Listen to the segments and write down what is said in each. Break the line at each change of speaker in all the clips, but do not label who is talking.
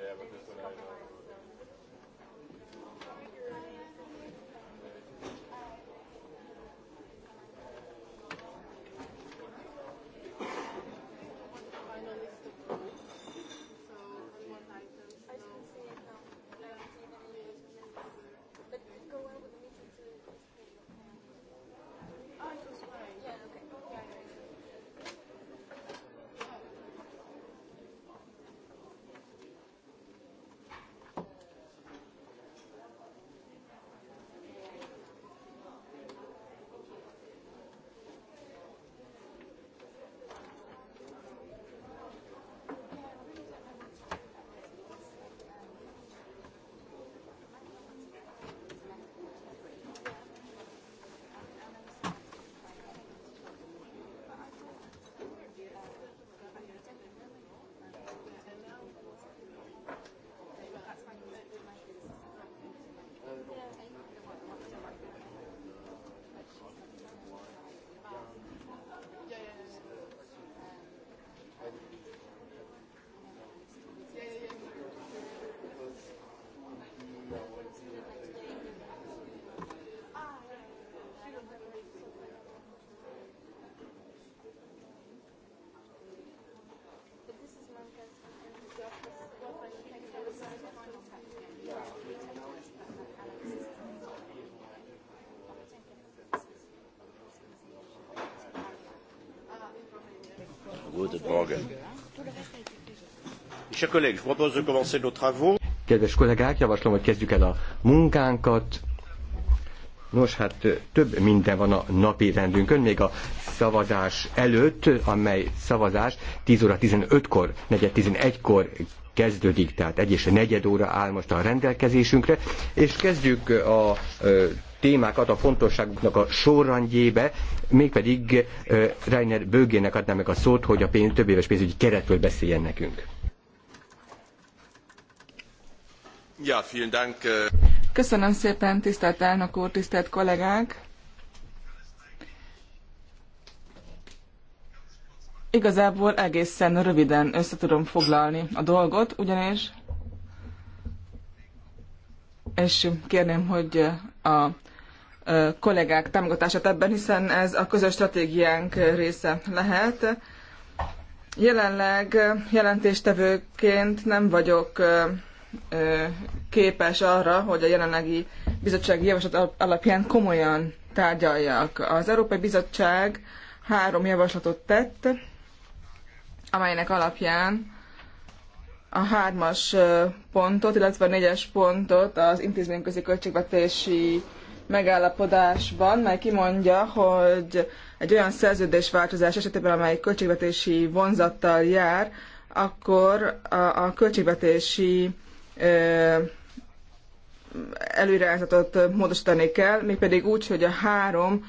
Yeah, but there's an
Kedves kollégák, javaslom, hogy kezdjük el a munkánkat. Nos, hát több minden van a napi rendünkön, még a szavazás előtt, amely szavazás 10 óra 15-kor, 11 kor kezdődik, tehát egy és negyed óra áll most a rendelkezésünkre, és kezdjük a témákat a fontosságuknak a sorrendjébe, mégpedig Reiner Bögének adnám meg a szót, hogy a pénz, több éves pénzügyi keretről beszéljen nekünk. Ja, vielen Dank.
Köszönöm szépen, tisztelt elnök úr, tisztelt kollégák! Igazából egészen röviden össze tudom foglalni a dolgot, ugyanis és kérném, hogy a kollégák támogatását ebben, hiszen ez a közös stratégiánk része lehet. Jelenleg jelentéstevőként nem vagyok képes arra, hogy a jelenlegi bizottsági javaslat alapján komolyan tárgyaljak. Az Európai Bizottság három javaslatot tett, amelynek alapján a hármas pontot, illetve a négyes pontot az intézményközi költségvetési megállapodásban, mely kimondja, hogy egy olyan szerződésváltozás esetében, amely költségvetési vonzattal jár, akkor a, a költségvetési ö, előirányzatot módosítani kell, mégpedig úgy, hogy a három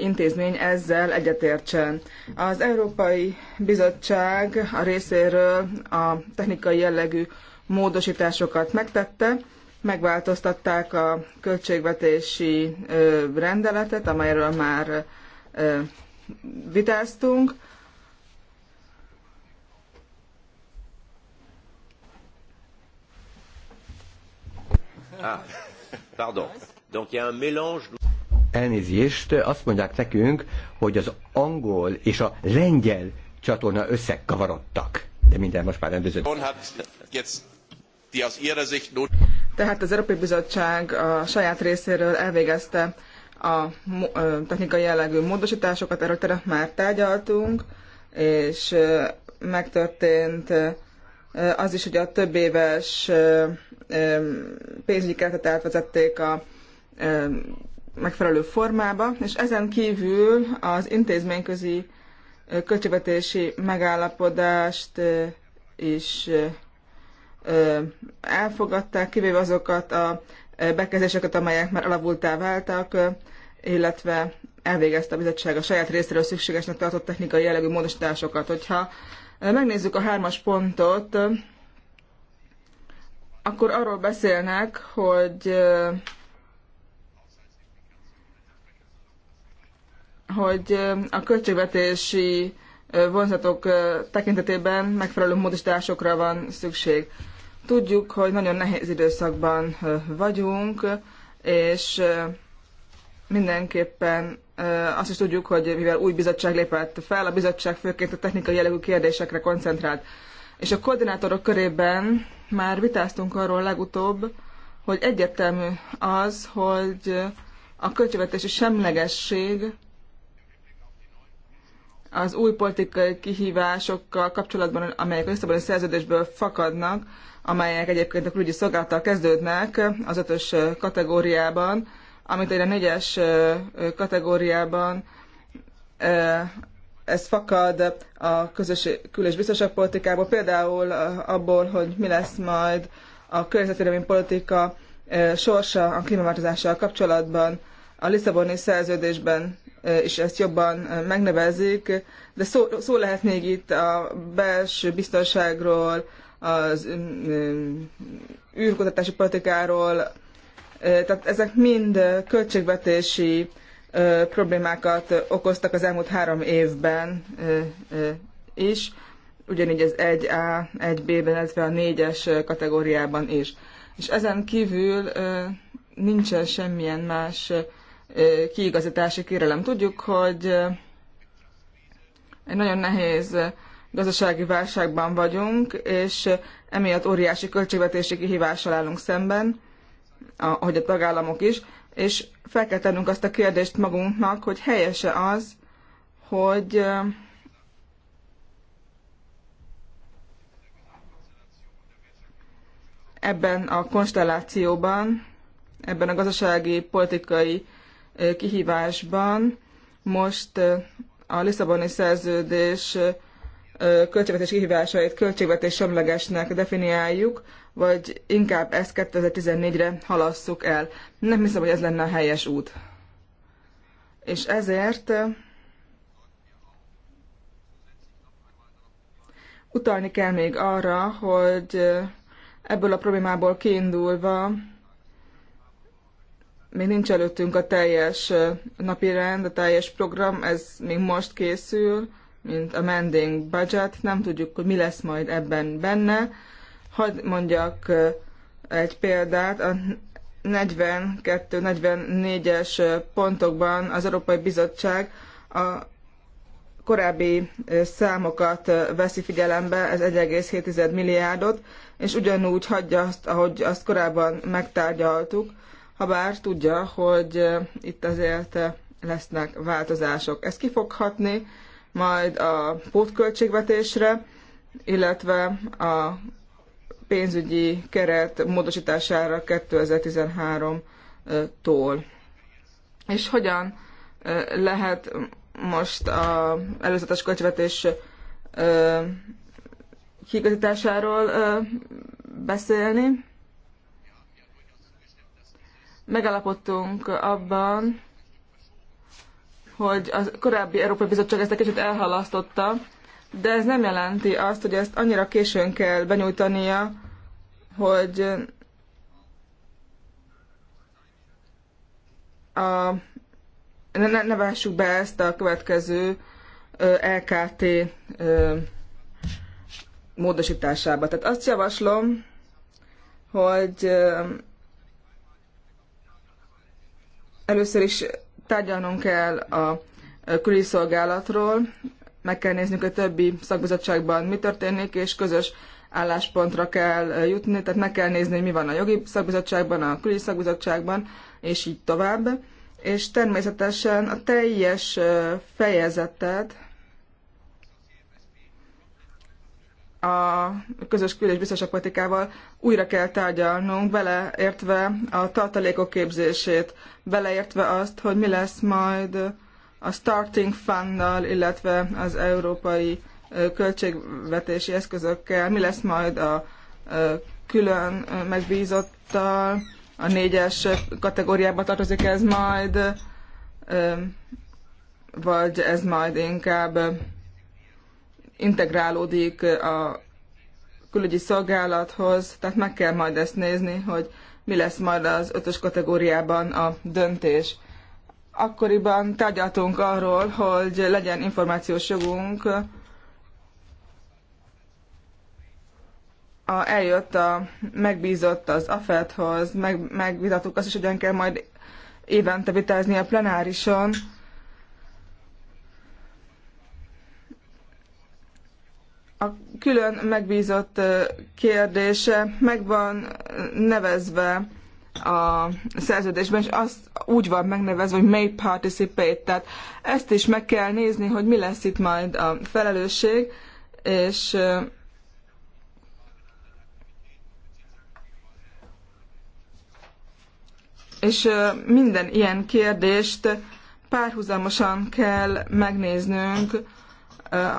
intézmény ezzel egyetértsen. Az Európai Bizottság a részéről a technikai jellegű módosításokat megtette, megváltoztatták a költségvetési rendeletet, amelyről már vitáztunk. Ah, pardon.
Donc y a un mélange elnézést, azt mondják nekünk, hogy az angol és a lengyel csatorna összekavarodtak. De minden most már rendeződött.
Tehát az Európai Bizottság a saját részéről elvégezte a technikai jellegű módosításokat, erről terep már tárgyaltunk, és megtörtént az is, hogy a több éves pénzügyi keretet átvezették a megfelelő formába, és ezen kívül az intézményközi költségvetési megállapodást is elfogadták, kivéve azokat a bekezdéseket, amelyek már elavultá váltak, illetve elvégezte a bizottság a saját részéről szükségesnek tartott technikai jellegű módosításokat. Hogyha megnézzük a hármas pontot, akkor arról beszélnek, hogy hogy a költségvetési vonzatok tekintetében megfelelő módosításokra van szükség. Tudjuk, hogy nagyon nehéz időszakban vagyunk, és mindenképpen azt is tudjuk, hogy mivel új bizottság lépett fel, a bizottság főként a technikai jellegű kérdésekre koncentrált. És a koordinátorok körében már vitáztunk arról legutóbb, hogy egyértelmű az, hogy a költségvetési semlegesség az új politikai kihívásokkal kapcsolatban, amelyek a Lisszaboni szerződésből fakadnak, amelyek egyébként a külügyi szolgálattal kezdődnek az ötös kategóriában, amit egy a négyes kategóriában ez fakad a közös kül- és biztonságpolitikából, például abból, hogy mi lesz majd a környezetvédelmi politika sorsa a klímaváltozással kapcsolatban. A Lisszaboni szerződésben is ezt jobban megnevezik, de szó, szó lehet még itt a belső biztonságról, az űrkutatási politikáról, tehát ezek mind költségvetési problémákat okoztak az elmúlt három évben is, ugyanígy az 1A, 1B-ben, illetve a 4-es kategóriában is. És ezen kívül nincsen semmilyen más kiigazítási kérelem. Tudjuk, hogy egy nagyon nehéz gazdasági válságban vagyunk, és emiatt óriási költségvetési kihívással állunk szemben, ahogy a tagállamok is, és fel kell tennünk azt a kérdést magunknak, hogy helyese az, hogy ebben a konstellációban, ebben a gazdasági, politikai kihívásban most a Lisszaboni szerződés költségvetés kihívásait költségvetés semlegesnek definiáljuk, vagy inkább ezt 2014-re halasszuk el. Nem hiszem, hogy ez lenne a helyes út. És ezért utalni kell még arra, hogy ebből a problémából kiindulva még nincs előttünk a teljes napirend, a teljes program, ez még most készül, mint a mending budget, nem tudjuk, hogy mi lesz majd ebben benne. Hadd mondjak egy példát, a 42-44-es pontokban az Európai Bizottság a korábbi számokat veszi figyelembe, ez 1,7 milliárdot, és ugyanúgy hagyja azt, ahogy azt korábban megtárgyaltuk, ha bár tudja, hogy itt azért lesznek változások. Ez ki fog hatni majd a pótköltségvetésre, illetve a pénzügyi keret módosítására 2013-tól. És hogyan lehet most a előzetes költségvetés kigazításáról beszélni? Megállapodtunk abban, hogy a korábbi Európai Bizottság ezt egy kicsit elhalasztotta, de ez nem jelenti azt, hogy ezt annyira későn kell benyújtania, hogy a, ne, ne, ne vássuk be ezt a következő ö, LKT ö, módosításába. Tehát azt javaslom, hogy ö, először is tárgyalnunk kell a külügyi meg kell néznünk a többi szakbizottságban mi történik, és közös álláspontra kell jutni, tehát meg kell nézni, mi van a jogi szakbizottságban, a külügyi szakbizottságban, és így tovább. És természetesen a teljes fejezetet a közös kül- és biztonságpolitikával újra kell tárgyalnunk, beleértve a tartalékok képzését, beleértve azt, hogy mi lesz majd a starting funddal, illetve az európai költségvetési eszközökkel, mi lesz majd a külön megbízottal, a négyes kategóriába tartozik ez majd, vagy ez majd inkább integrálódik a külügyi szolgálathoz, tehát meg kell majd ezt nézni, hogy mi lesz majd az ötös kategóriában a döntés. Akkoriban tárgyaltunk arról, hogy legyen információs jogunk. A, eljött a megbízott az AFET-hoz, meg, megvitattuk azt is, hogy kell majd évente vitázni a plenárison, külön megbízott kérdése meg van nevezve a szerződésben, és azt úgy van megnevezve, hogy may participate, tehát ezt is meg kell nézni, hogy mi lesz itt majd a felelősség, és és minden ilyen kérdést párhuzamosan kell megnéznünk,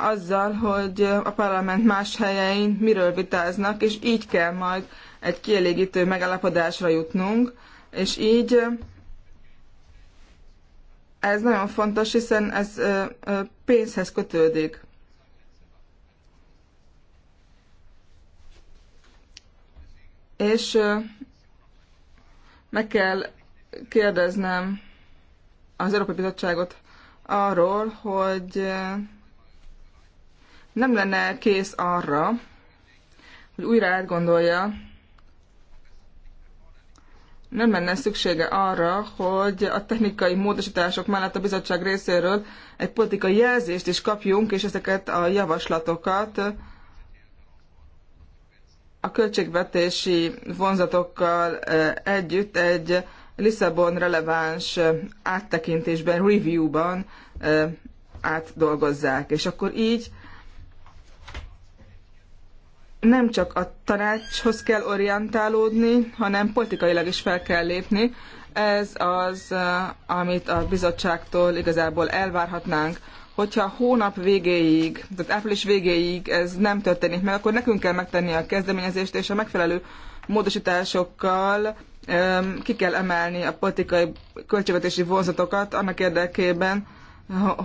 azzal, hogy a parlament más helyein miről vitáznak, és így kell majd egy kielégítő megállapodásra jutnunk, és így ez nagyon fontos, hiszen ez pénzhez kötődik. És meg kell kérdeznem az Európai Bizottságot arról, hogy nem lenne kész arra, hogy újra átgondolja, nem lenne szüksége arra, hogy a technikai módosítások mellett a bizottság részéről egy politikai jelzést is kapjunk, és ezeket a javaslatokat a költségvetési vonzatokkal eh, együtt egy Lisszabon releváns eh, áttekintésben, review-ban eh, átdolgozzák. És akkor így nem csak a tanácshoz kell orientálódni, hanem politikailag is fel kell lépni. Ez az, eh, amit a bizottságtól igazából elvárhatnánk. Hogyha hónap végéig, tehát április végéig ez nem történik meg, akkor nekünk kell megtenni a kezdeményezést, és a megfelelő módosításokkal eh, ki kell emelni a politikai költségvetési vonzatokat annak érdekében,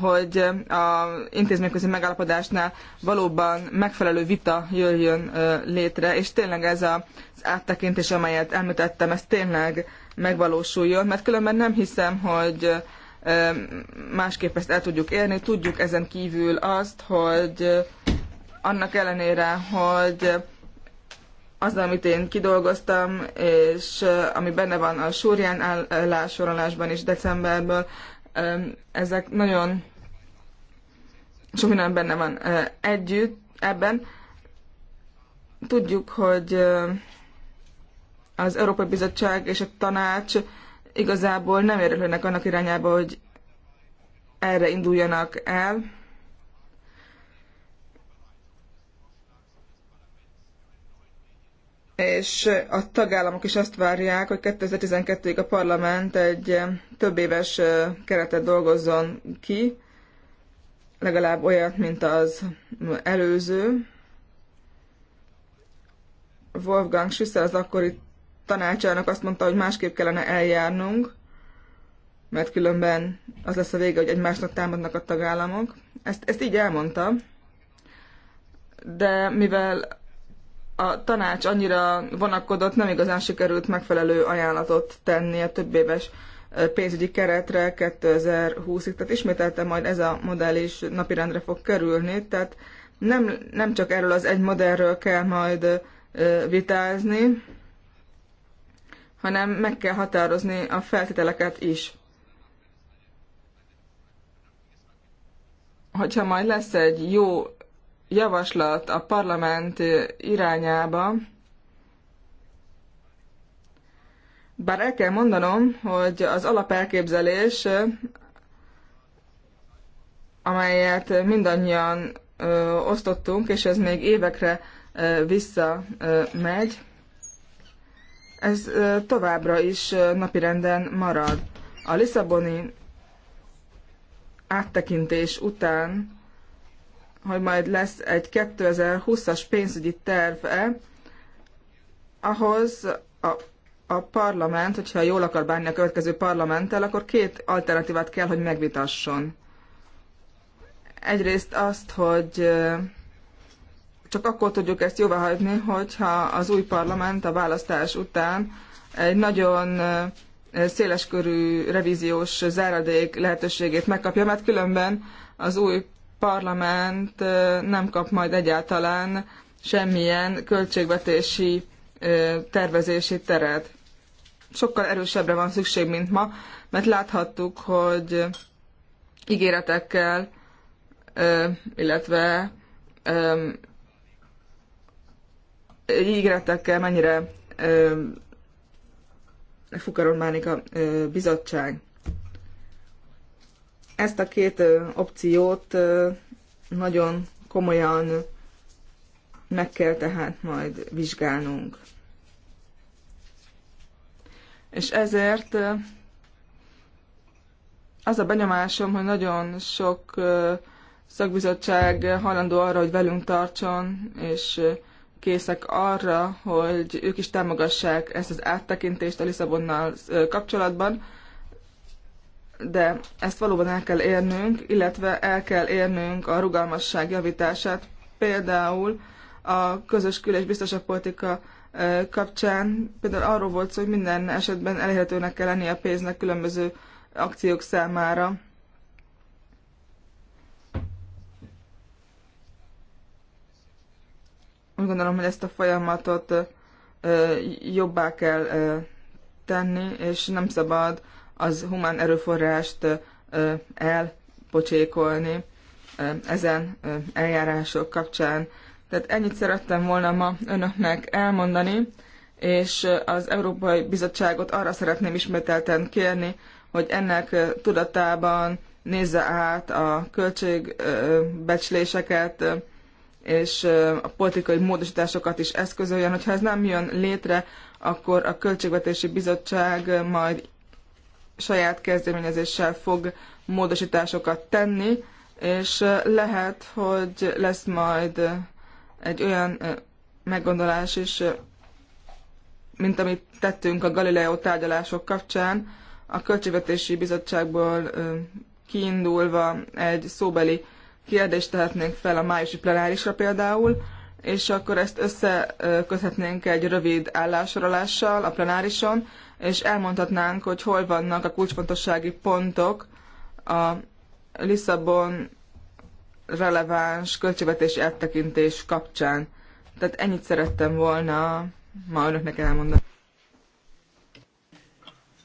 hogy a intézményközi megállapodásnál valóban megfelelő vita jöjjön létre, és tényleg ez az áttekintés, amelyet említettem, ez tényleg megvalósuljon, mert különben nem hiszem, hogy másképp ezt el tudjuk érni. Tudjuk ezen kívül azt, hogy annak ellenére, hogy az, amit én kidolgoztam, és ami benne van a súrján állásorolásban is decemberből, ezek nagyon sok minden benne van együtt ebben. Tudjuk, hogy az Európai Bizottság és a Tanács igazából nem érülnek annak irányába, hogy erre induljanak el. és a tagállamok is azt várják, hogy 2012-ig a parlament egy eh, több éves eh, keretet dolgozzon ki, legalább olyat, mint az előző. Wolfgang Schüssel az akkori tanácsának azt mondta, hogy másképp kellene eljárnunk, mert különben az lesz a vége, hogy egymásnak támadnak a tagállamok. Ezt, ezt így elmondta, de mivel a tanács annyira vonakodott, nem igazán sikerült megfelelő ajánlatot tenni a több éves pénzügyi keretre 2020-ig, tehát ismételtem, majd ez a modell is napirendre fog kerülni, tehát nem, nem csak erről az egy modellről kell majd vitázni, hanem meg kell határozni a feltételeket is. Hogyha majd lesz egy jó javaslat a parlament irányába, bár el kell mondanom, hogy az alapelképzelés, amelyet mindannyian osztottunk, és ez még évekre vissza megy, ez továbbra is napirenden marad. A Lisszaboni áttekintés után hogy majd lesz egy 2020-as pénzügyi terve, ahhoz a, a parlament, hogyha jól akar bánni a következő parlamenttel, akkor két alternatívát kell, hogy megvitasson. Egyrészt azt, hogy csak akkor tudjuk ezt jóvá hagyni, hogyha az új parlament a választás után egy nagyon széleskörű revíziós záradék lehetőségét megkapja, mert különben az új parlament nem kap majd egyáltalán semmilyen költségvetési tervezési teret. Sokkal erősebbre van szükség, mint ma, mert láthattuk, hogy ígéretekkel, illetve ígéretekkel mennyire fukarolmánik a bizottság. Ezt a két opciót nagyon komolyan meg kell tehát majd vizsgálnunk. És ezért az a benyomásom, hogy nagyon sok szakbizottság hajlandó arra, hogy velünk tartson, és készek arra, hogy ők is támogassák ezt az áttekintést a Lisszabonnal kapcsolatban, de ezt valóban el kell érnünk, illetve el kell érnünk a rugalmasság javítását, például a közös kül- és politika kapcsán például arról volt szó, hogy minden esetben elérhetőnek kell lennie a pénznek különböző akciók számára. Úgy gondolom, hogy ezt a folyamatot jobbá kell tenni, és nem szabad az humán erőforrást elpocsékolni ezen eljárások kapcsán. Tehát ennyit szerettem volna ma önöknek elmondani, és az Európai Bizottságot arra szeretném ismételten kérni, hogy ennek tudatában nézze át a költségbecsléseket, és a politikai módosításokat is eszközöljön. Hogyha ez nem jön létre, akkor a Költségvetési Bizottság majd saját kezdeményezéssel fog módosításokat tenni, és lehet, hogy lesz majd egy olyan meggondolás is, mint amit tettünk a Galileo tárgyalások kapcsán, a Költségvetési Bizottságból kiindulva egy szóbeli kérdést tehetnénk fel a májusi plenárisra például, és akkor ezt összeköthetnénk egy rövid állásorolással a plenárison, és elmondhatnánk, hogy hol vannak a kulcsfontossági pontok a Lisszabon releváns költségvetési áttekintés kapcsán. Tehát ennyit szerettem volna ma önöknek elmondani.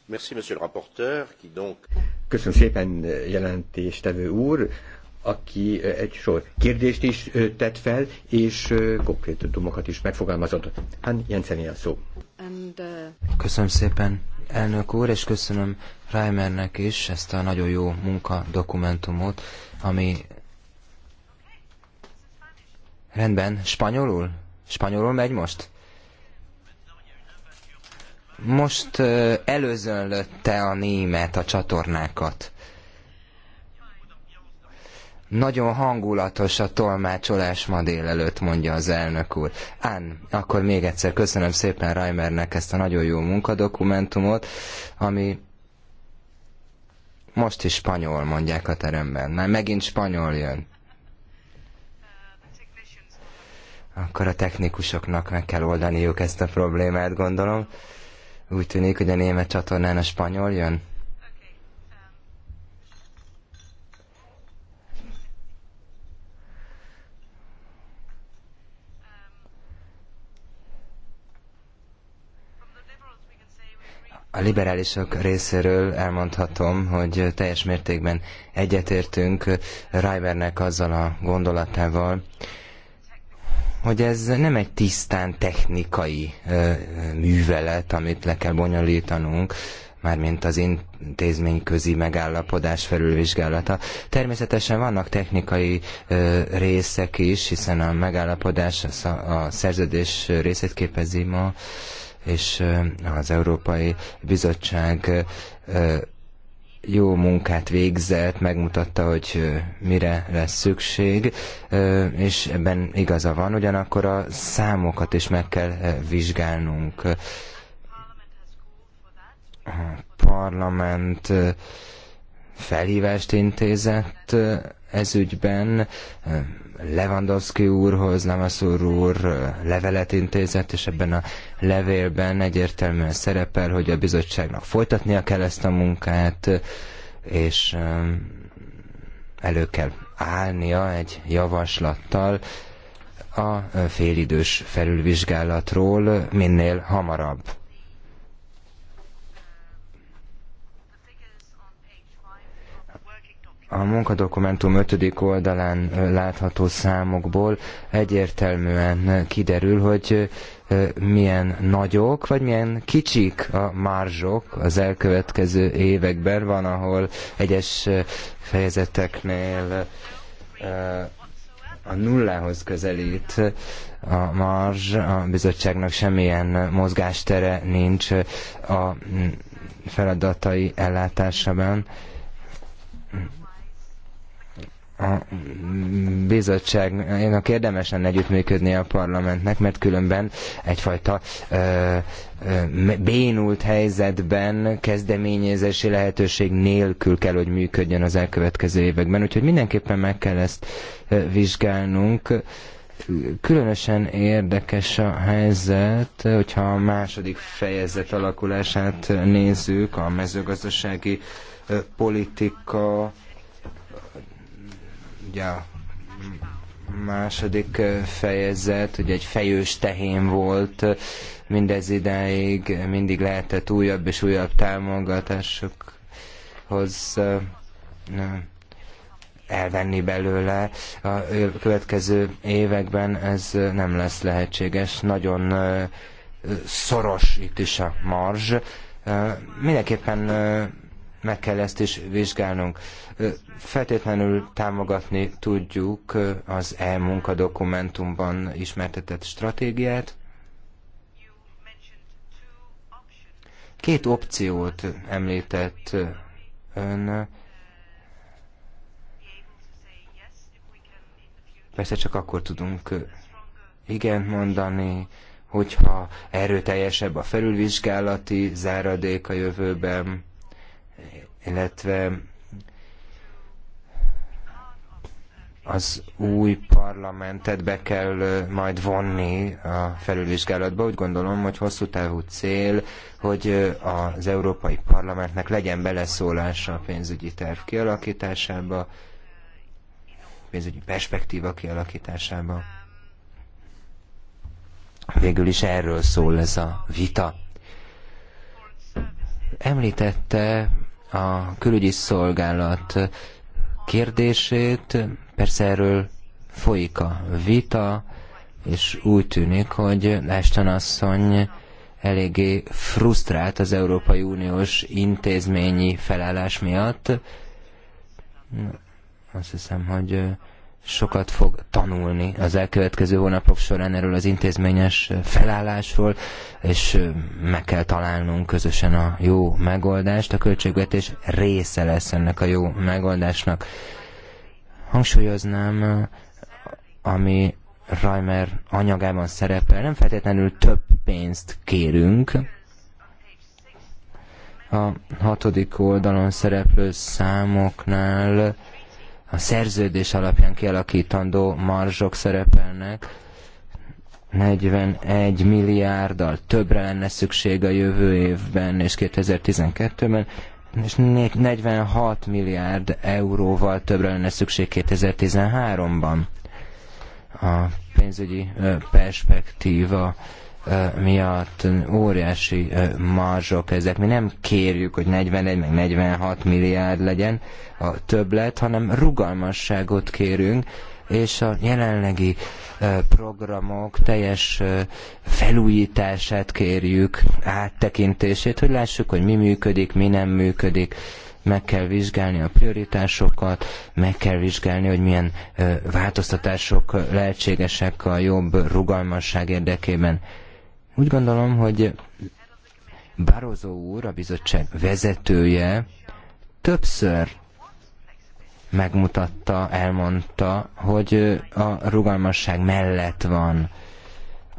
Merci, monsieur le rapporteur, qui donc... Köszönöm szépen, jelentéstevő úr aki egy sor kérdést is tett fel, és konkrétumokat is megfogalmazott. Hán Jensen a szó. And,
uh... Köszönöm szépen, elnök úr, és köszönöm Reimernek is ezt a nagyon jó munka dokumentumot, ami Rendben, spanyolul? Spanyolul megy most? Most előzönlötte a német a csatornákat. Nagyon hangulatos a tolmácsolás ma délelőtt, mondja az elnök úr. Án, akkor még egyszer köszönöm szépen Reimernek ezt a nagyon jó munkadokumentumot, ami most is spanyol, mondják a teremben. Már megint spanyol jön. Akkor a technikusoknak meg kell oldaniuk ezt a problémát, gondolom. Úgy tűnik, hogy a német csatornán a spanyol jön. A liberálisok részéről elmondhatom, hogy teljes mértékben egyetértünk Rivernek azzal a gondolatával, hogy ez nem egy tisztán technikai művelet, amit le kell bonyolítanunk, mármint az intézményközi megállapodás felülvizsgálata. Természetesen vannak technikai ö, részek is, hiszen a megállapodás a, a szerződés részét képezi ma, és az Európai Bizottság jó munkát végzett, megmutatta, hogy mire lesz szükség, és ebben igaza van, ugyanakkor a számokat is meg kell vizsgálnunk. A parlament felhívást intézett ezügyben, Lewandowski úrhoz, Namassur úr levelet intézett, és ebben a levélben egyértelműen szerepel, hogy a bizottságnak folytatnia kell ezt a munkát, és elő kell állnia egy javaslattal a félidős felülvizsgálatról minél hamarabb. A munkadokumentum 5. oldalán látható számokból egyértelműen kiderül, hogy milyen nagyok, vagy milyen kicsik a marzsok az elkövetkező években. Van, ahol egyes fejezeteknél a nullához közelít a marzs, a bizottságnak semmilyen mozgástere nincs a feladatai ellátásában a bizottságnak érdemes lenne együttműködni a parlamentnek, mert különben egyfajta ö, ö, bénult helyzetben kezdeményezési lehetőség nélkül kell, hogy működjön az elkövetkező években. Úgyhogy mindenképpen meg kell ezt vizsgálnunk. Különösen érdekes a helyzet, hogyha a második fejezet alakulását nézzük, a mezőgazdasági politika Ugye a második eh, fejezet, ugye egy fejős tehén volt, eh, mindez idáig mindig lehetett újabb és újabb támogatásokhoz eh, elvenni belőle. A következő években ez nem lesz lehetséges. Nagyon szoros itt is a marzs. Mindenképpen meg kell ezt is vizsgálnunk. Feltétlenül támogatni tudjuk az e-munka dokumentumban ismertetett stratégiát. Két opciót említett ön. Persze csak akkor tudunk igen mondani, hogyha erőteljesebb a felülvizsgálati záradék a jövőben illetve az új parlamentet be kell majd vonni a felülvizsgálatba. Úgy gondolom, hogy hosszú távú cél, hogy az Európai Parlamentnek legyen beleszólása a pénzügyi terv kialakításába, pénzügyi perspektíva kialakításába. Végül is erről szól ez a vita. Említette a külügyi szolgálat kérdését. Persze erről folyik a vita, és úgy tűnik, hogy Ashton asszony eléggé frusztrált az Európai Uniós intézményi felállás miatt. Azt hiszem, hogy sokat fog tanulni az elkövetkező hónapok során erről az intézményes felállásról, és meg kell találnunk közösen a jó megoldást. A költségvetés része lesz ennek a jó megoldásnak. Hangsúlyoznám, ami Reimer anyagában szerepel, nem feltétlenül több pénzt kérünk, a hatodik oldalon szereplő számoknál a szerződés alapján kialakítandó marzsok szerepelnek. 41 milliárddal többre lenne szükség a jövő évben és 2012-ben, és 46 milliárd euróval többre lenne szükség 2013-ban. A pénzügyi perspektíva miatt óriási marzsok ezek. Mi nem kérjük, hogy 41 meg 46 milliárd legyen a többlet, hanem rugalmasságot kérünk, és a jelenlegi programok teljes felújítását kérjük, áttekintését, hogy lássuk, hogy mi működik, mi nem működik meg kell vizsgálni a prioritásokat, meg kell vizsgálni, hogy milyen változtatások lehetségesek a jobb rugalmasság érdekében. Úgy gondolom, hogy Barozó úr, a bizottság vezetője, többször megmutatta, elmondta, hogy a rugalmasság mellett van.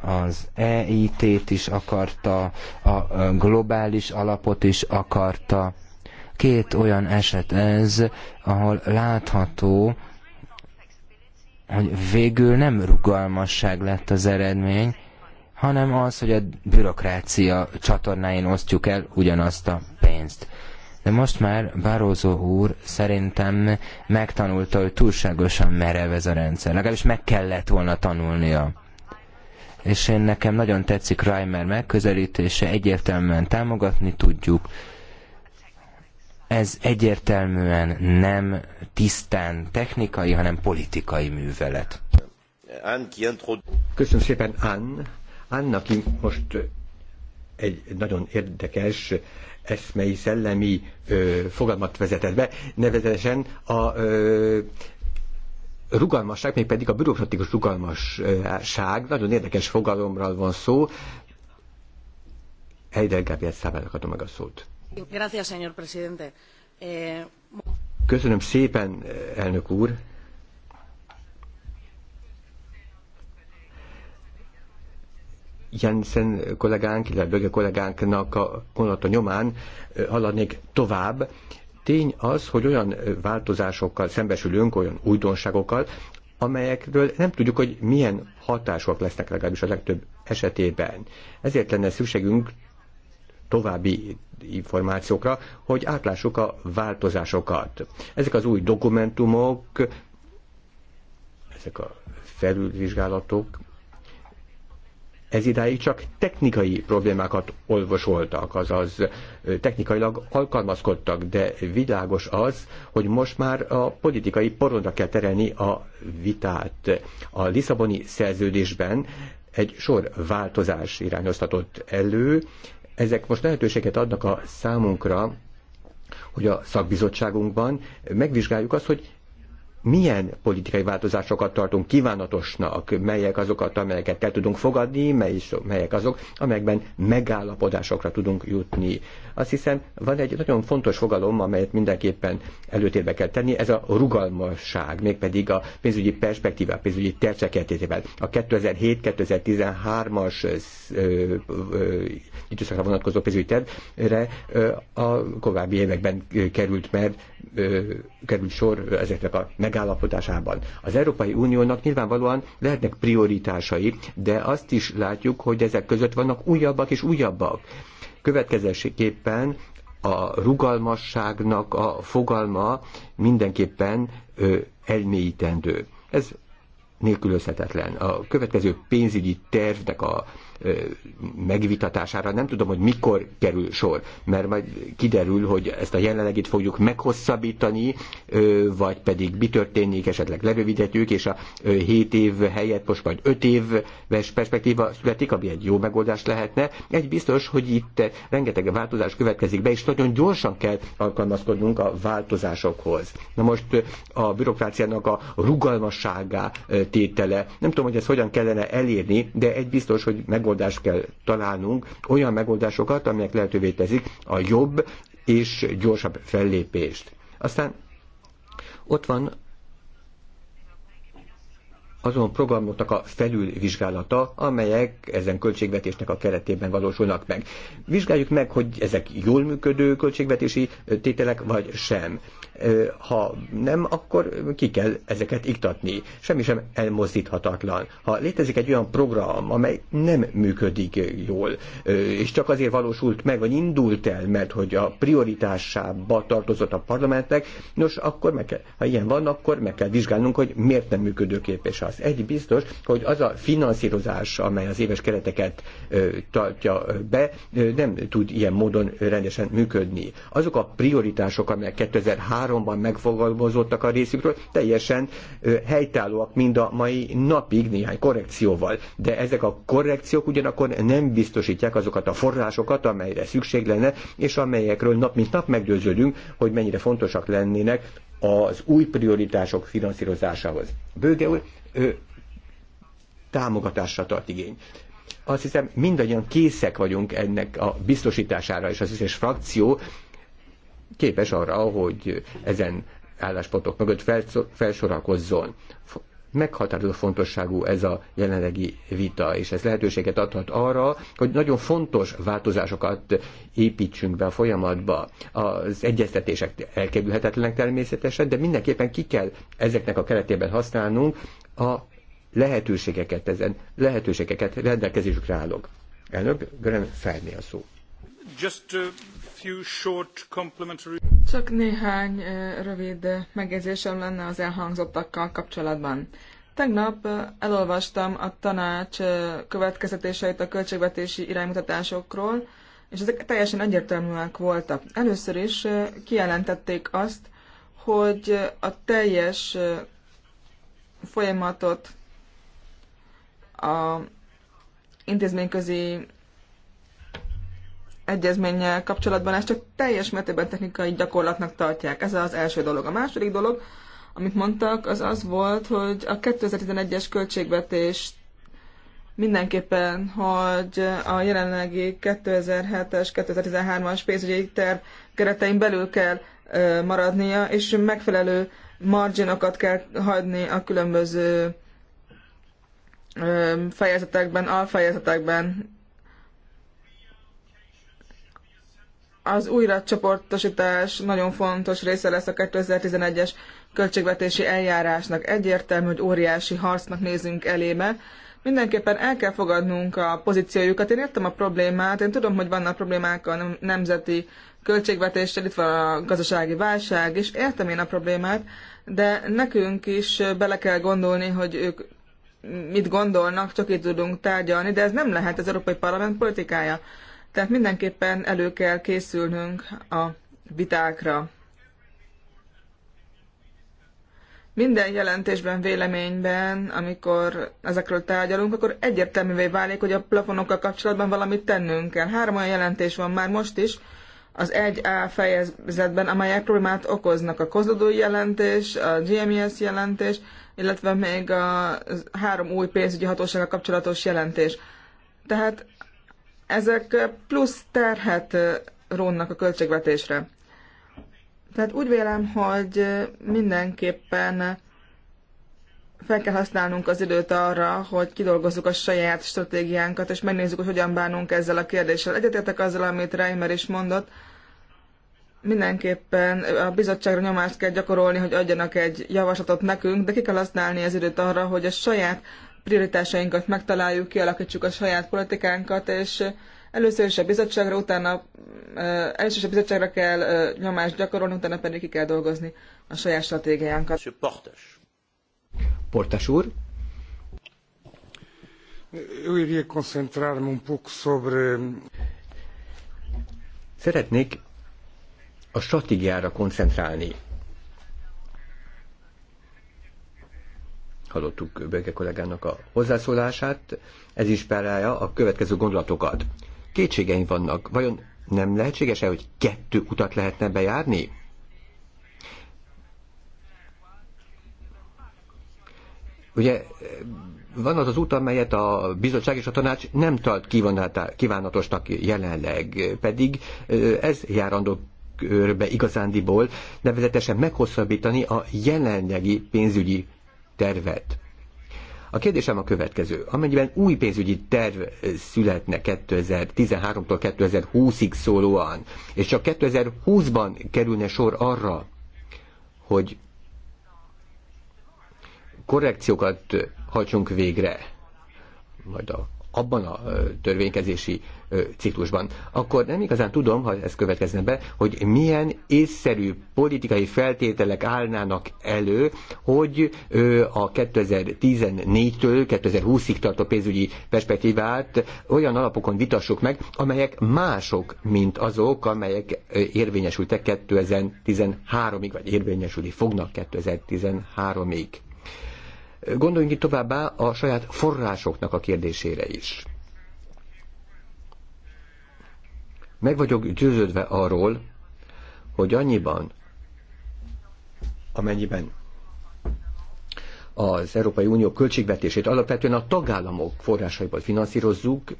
Az EIT-t is akarta, a globális alapot is akarta. Két olyan eset ez, ahol látható, hogy végül nem rugalmasság lett az eredmény, hanem az, hogy a bürokrácia csatornáin osztjuk el ugyanazt a pénzt. De most már Barózó úr szerintem megtanulta, hogy túlságosan merev ez a rendszer. Legalábbis meg kellett volna tanulnia. És én nekem nagyon tetszik Reimer megközelítése, egyértelműen támogatni tudjuk. Ez egyértelműen nem tisztán technikai, hanem politikai művelet. Köszönöm szépen, Ann annak most
egy nagyon érdekes eszmei, szellemi ö, fogalmat vezetett be, nevezetesen a ö, rugalmasság, még pedig a bürokratikus rugalmasság, nagyon érdekes fogalomról van szó. Heidel Gabriel Szávának adom meg a szót.
Gracias, señor presidente. Eh,
Köszönöm szépen, elnök úr. Jensen kollégánk, illetve Böge kollégánknak a gondolata nyomán haladnék tovább. Tény az, hogy olyan változásokkal szembesülünk, olyan újdonságokkal, amelyekről nem tudjuk, hogy milyen hatások lesznek legalábbis a legtöbb esetében. Ezért lenne szükségünk további információkra, hogy átlássuk a változásokat. Ezek az új dokumentumok, ezek a felülvizsgálatok ez idáig csak technikai problémákat olvasoltak, azaz technikailag alkalmazkodtak, de világos az, hogy most már a politikai porondra kell terelni a vitát. A Lisszaboni szerződésben egy sor változás irányoztatott elő, ezek most lehetőséget adnak a számunkra, hogy a szakbizottságunkban megvizsgáljuk azt, hogy milyen politikai változásokat tartunk kívánatosnak, melyek azokat, amelyeket el tudunk fogadni, mely, melyek azok, amelyekben megállapodásokra tudunk jutni. Azt hiszem, van egy nagyon fontos fogalom, amelyet mindenképpen előtérbe kell tenni, ez a rugalmasság, mégpedig a pénzügyi perspektíva, a pénzügyi tercekertétében. A 2007-2013-as időszakra vonatkozó pénzügyi tervre a korábbi években került, mert kerül sor ezeknek a megállapodásában. Az Európai Uniónak nyilvánvalóan lehetnek prioritásai, de azt is látjuk, hogy ezek között vannak újabbak és újabbak. Következésképpen a rugalmasságnak a fogalma mindenképpen ö, elmélyítendő. Ez nélkülözhetetlen. A következő pénzügyi tervnek a megvitatására nem tudom, hogy mikor kerül sor, mert majd kiderül, hogy ezt a jelenlegét fogjuk meghosszabbítani, vagy pedig mi történik, esetleg lerövidítjük, és a 7 év helyett most majd 5 éves perspektíva születik, ami egy jó megoldás lehetne. Egy biztos, hogy itt rengeteg változás következik be, és nagyon gyorsan kell alkalmazkodnunk a változásokhoz. Na most a bürokráciának a rugalmasságá tétele, nem tudom, hogy ezt hogyan kellene elérni, de egy biztos, hogy meg megoldást kell találnunk, olyan megoldásokat, amelyek lehetővé teszik a jobb és gyorsabb fellépést. Aztán ott van azon programoknak a felülvizsgálata, amelyek ezen költségvetésnek a keretében valósulnak meg. Vizsgáljuk meg, hogy ezek jól működő költségvetési tételek, vagy sem. Ha nem, akkor ki kell ezeket iktatni. Semmi sem elmozdíthatatlan. Ha létezik egy olyan program, amely nem működik jól, és csak azért valósult meg, vagy indult el, mert hogy a prioritásába tartozott a parlamentnek, nos, akkor meg kell, ha ilyen van, akkor meg kell vizsgálnunk, hogy miért nem működőképes az az egy biztos, hogy az a finanszírozás, amely az éves kereteket tartja be, nem tud ilyen módon rendesen működni. Azok a prioritások, amelyek 2003-ban megfogalmazottak a részükről, teljesen helytállóak mind a mai napig néhány korrekcióval. De ezek a korrekciók ugyanakkor nem biztosítják azokat a forrásokat, amelyre szükség lenne, és amelyekről nap mint nap meggyőződünk, hogy mennyire fontosak lennének az új prioritások finanszírozásához. Bőge úr ő, támogatásra tart igény. Azt hiszem, mindannyian készek vagyunk ennek a biztosítására, és az összes frakció képes arra, hogy ezen álláspontok mögött felsorakozzon meghatározó fontosságú ez a jelenlegi vita, és ez lehetőséget adhat arra, hogy nagyon fontos változásokat építsünk be a folyamatba. Az egyeztetések elkerülhetetlenek természetesen, de mindenképpen ki kell ezeknek a keretében használnunk a lehetőségeket, ezen lehetőségeket rendelkezésükre állok. Elnök, Görem Ferni a szó.
Just to csak néhány rövid megjegyzésem lenne az elhangzottakkal kapcsolatban. Tegnap elolvastam a tanács következetéseit a költségvetési iránymutatásokról, és ezek teljesen egyértelműek voltak. Először is kijelentették azt, hogy a teljes folyamatot a intézményközi egyezménnyel kapcsolatban ezt csak teljes mértékben technikai gyakorlatnak tartják. Ez az első dolog. A második dolog, amit mondtak, az az volt, hogy a 2011-es költségvetés mindenképpen, hogy a jelenlegi 2007-es, 2013-as pénzügyi terv keretein belül kell maradnia, és megfelelő marginokat kell hagyni a különböző fejezetekben, alfejezetekben, az újracsoportosítás nagyon fontos része lesz a 2011-es költségvetési eljárásnak. Egyértelmű, hogy óriási harcnak nézünk elébe. Mindenképpen el kell fogadnunk a pozíciójukat. Én értem a problémát, én tudom, hogy vannak problémák a nemzeti költségvetéssel, itt van a gazdasági válság, és értem én a problémát, de nekünk is bele kell gondolni, hogy ők mit gondolnak, csak így tudunk tárgyalni, de ez nem lehet az Európai Parlament politikája. Tehát mindenképpen elő kell készülnünk a vitákra. Minden jelentésben, véleményben, amikor ezekről tárgyalunk, akkor egyértelművé válik, hogy a plafonokkal kapcsolatban valamit tennünk kell. Három olyan jelentés van már most is, az 1A fejezetben, amelyek problémát okoznak. A kozlodói jelentés, a GMS e jelentés, illetve még a három új pénzügyi hatósággal kapcsolatos jelentés. Tehát ezek plusz terhet rónnak a költségvetésre. Tehát úgy vélem, hogy mindenképpen fel kell használnunk az időt arra, hogy kidolgozzuk a saját stratégiánkat, és megnézzük, hogy hogyan bánunk ezzel a kérdéssel. Egyetértek azzal, amit Reimer is mondott, mindenképpen a bizottságra nyomást kell gyakorolni, hogy adjanak egy javaslatot nekünk, de ki kell használni az időt arra, hogy a saját prioritásainkat megtaláljuk, kialakítsuk a saját politikánkat, és először is a bizottságra, utána először is a bizottságra kell nyomást gyakorolni, utána pedig ki kell dolgozni a saját stratégiánkat. Portas. Portas úr. Eu iria concentrar-me um pouco sobre...
Szeretnék a stratégiára koncentrálni. Hallottuk Böge kollégának a hozzászólását, ez inspirálja a következő gondolatokat. Kétségeim vannak, vajon nem lehetséges-e, hogy kettő utat lehetne bejárni? Ugye van az az út, amelyet a bizottság és a tanács nem tart kívánatosnak jelenleg, pedig ez járandó körbe igazándiból, nevezetesen meghosszabbítani a jelenlegi pénzügyi tervet. A kérdésem a következő. Amennyiben új pénzügyi terv születne 2013-tól 2020-ig szólóan, és csak 2020-ban kerülne sor arra, hogy korrekciókat hajtsunk végre, majd a abban a törvénykezési ciklusban, akkor nem igazán tudom, ha ez következne be, hogy milyen észszerű politikai feltételek állnának elő, hogy a 2014-től 2020-ig tartó pénzügyi perspektívát olyan alapokon vitassuk meg, amelyek mások, mint azok, amelyek érvényesültek 2013-ig, vagy érvényesülni fognak 2013-ig. Gondoljunk itt továbbá a saját forrásoknak a kérdésére is. Meg vagyok győződve arról, hogy annyiban, amennyiben az Európai Unió költségvetését alapvetően a tagállamok forrásaiból finanszírozzuk,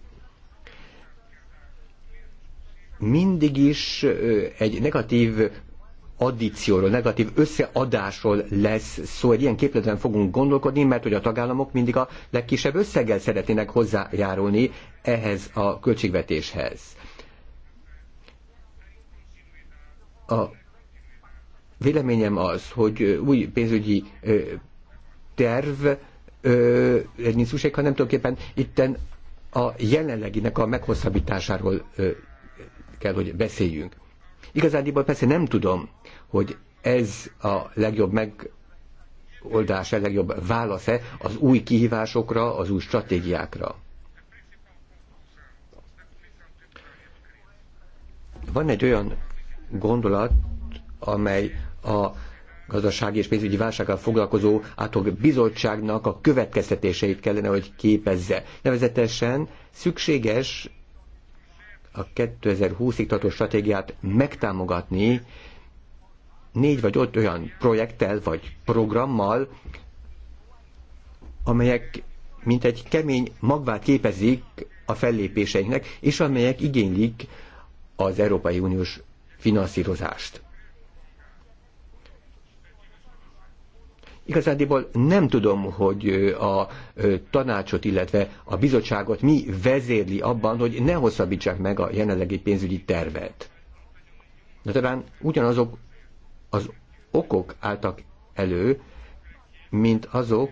mindig is egy negatív addícióról, negatív összeadásról lesz szó. Egy ilyen képletben fogunk gondolkodni, mert hogy a tagállamok mindig a legkisebb összeggel szeretnének hozzájárulni ehhez a költségvetéshez. A véleményem az, hogy új pénzügyi terv egy szükség, hanem tulajdonképpen itten a jelenleginek a meghosszabbításáról kell, hogy beszéljünk. Igazándiból persze nem tudom, hogy ez a legjobb megoldás, a legjobb válasz-e az új kihívásokra, az új stratégiákra. Van egy olyan gondolat, amely a gazdasági és pénzügyi válsággal foglalkozó átok bizottságnak a következtetéseit kellene, hogy képezze. Nevezetesen szükséges a 2020-ig tartó stratégiát megtámogatni, négy vagy öt olyan projekttel vagy programmal, amelyek mint egy kemény magvát képezik a fellépéseinknek, és amelyek igénylik az Európai Uniós finanszírozást. Igazándiból nem tudom, hogy a tanácsot, illetve a bizottságot mi vezérli abban, hogy ne hosszabbítsák meg a jelenlegi pénzügyi tervet. De talán ugyanazok az okok álltak elő, mint azok,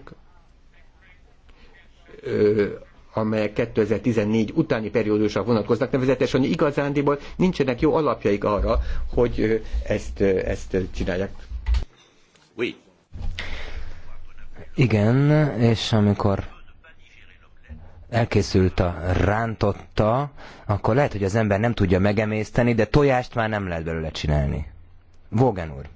ö, amelyek 2014 utáni periódusra vonatkoznak, nevezetesen igazándiból nincsenek jó alapjaik arra, hogy ezt, ezt csinálják. Oui.
Igen, és amikor elkészült a rántotta, akkor lehet, hogy az ember nem tudja megemészteni, de tojást már nem lehet belőle csinálni. Vogan úr.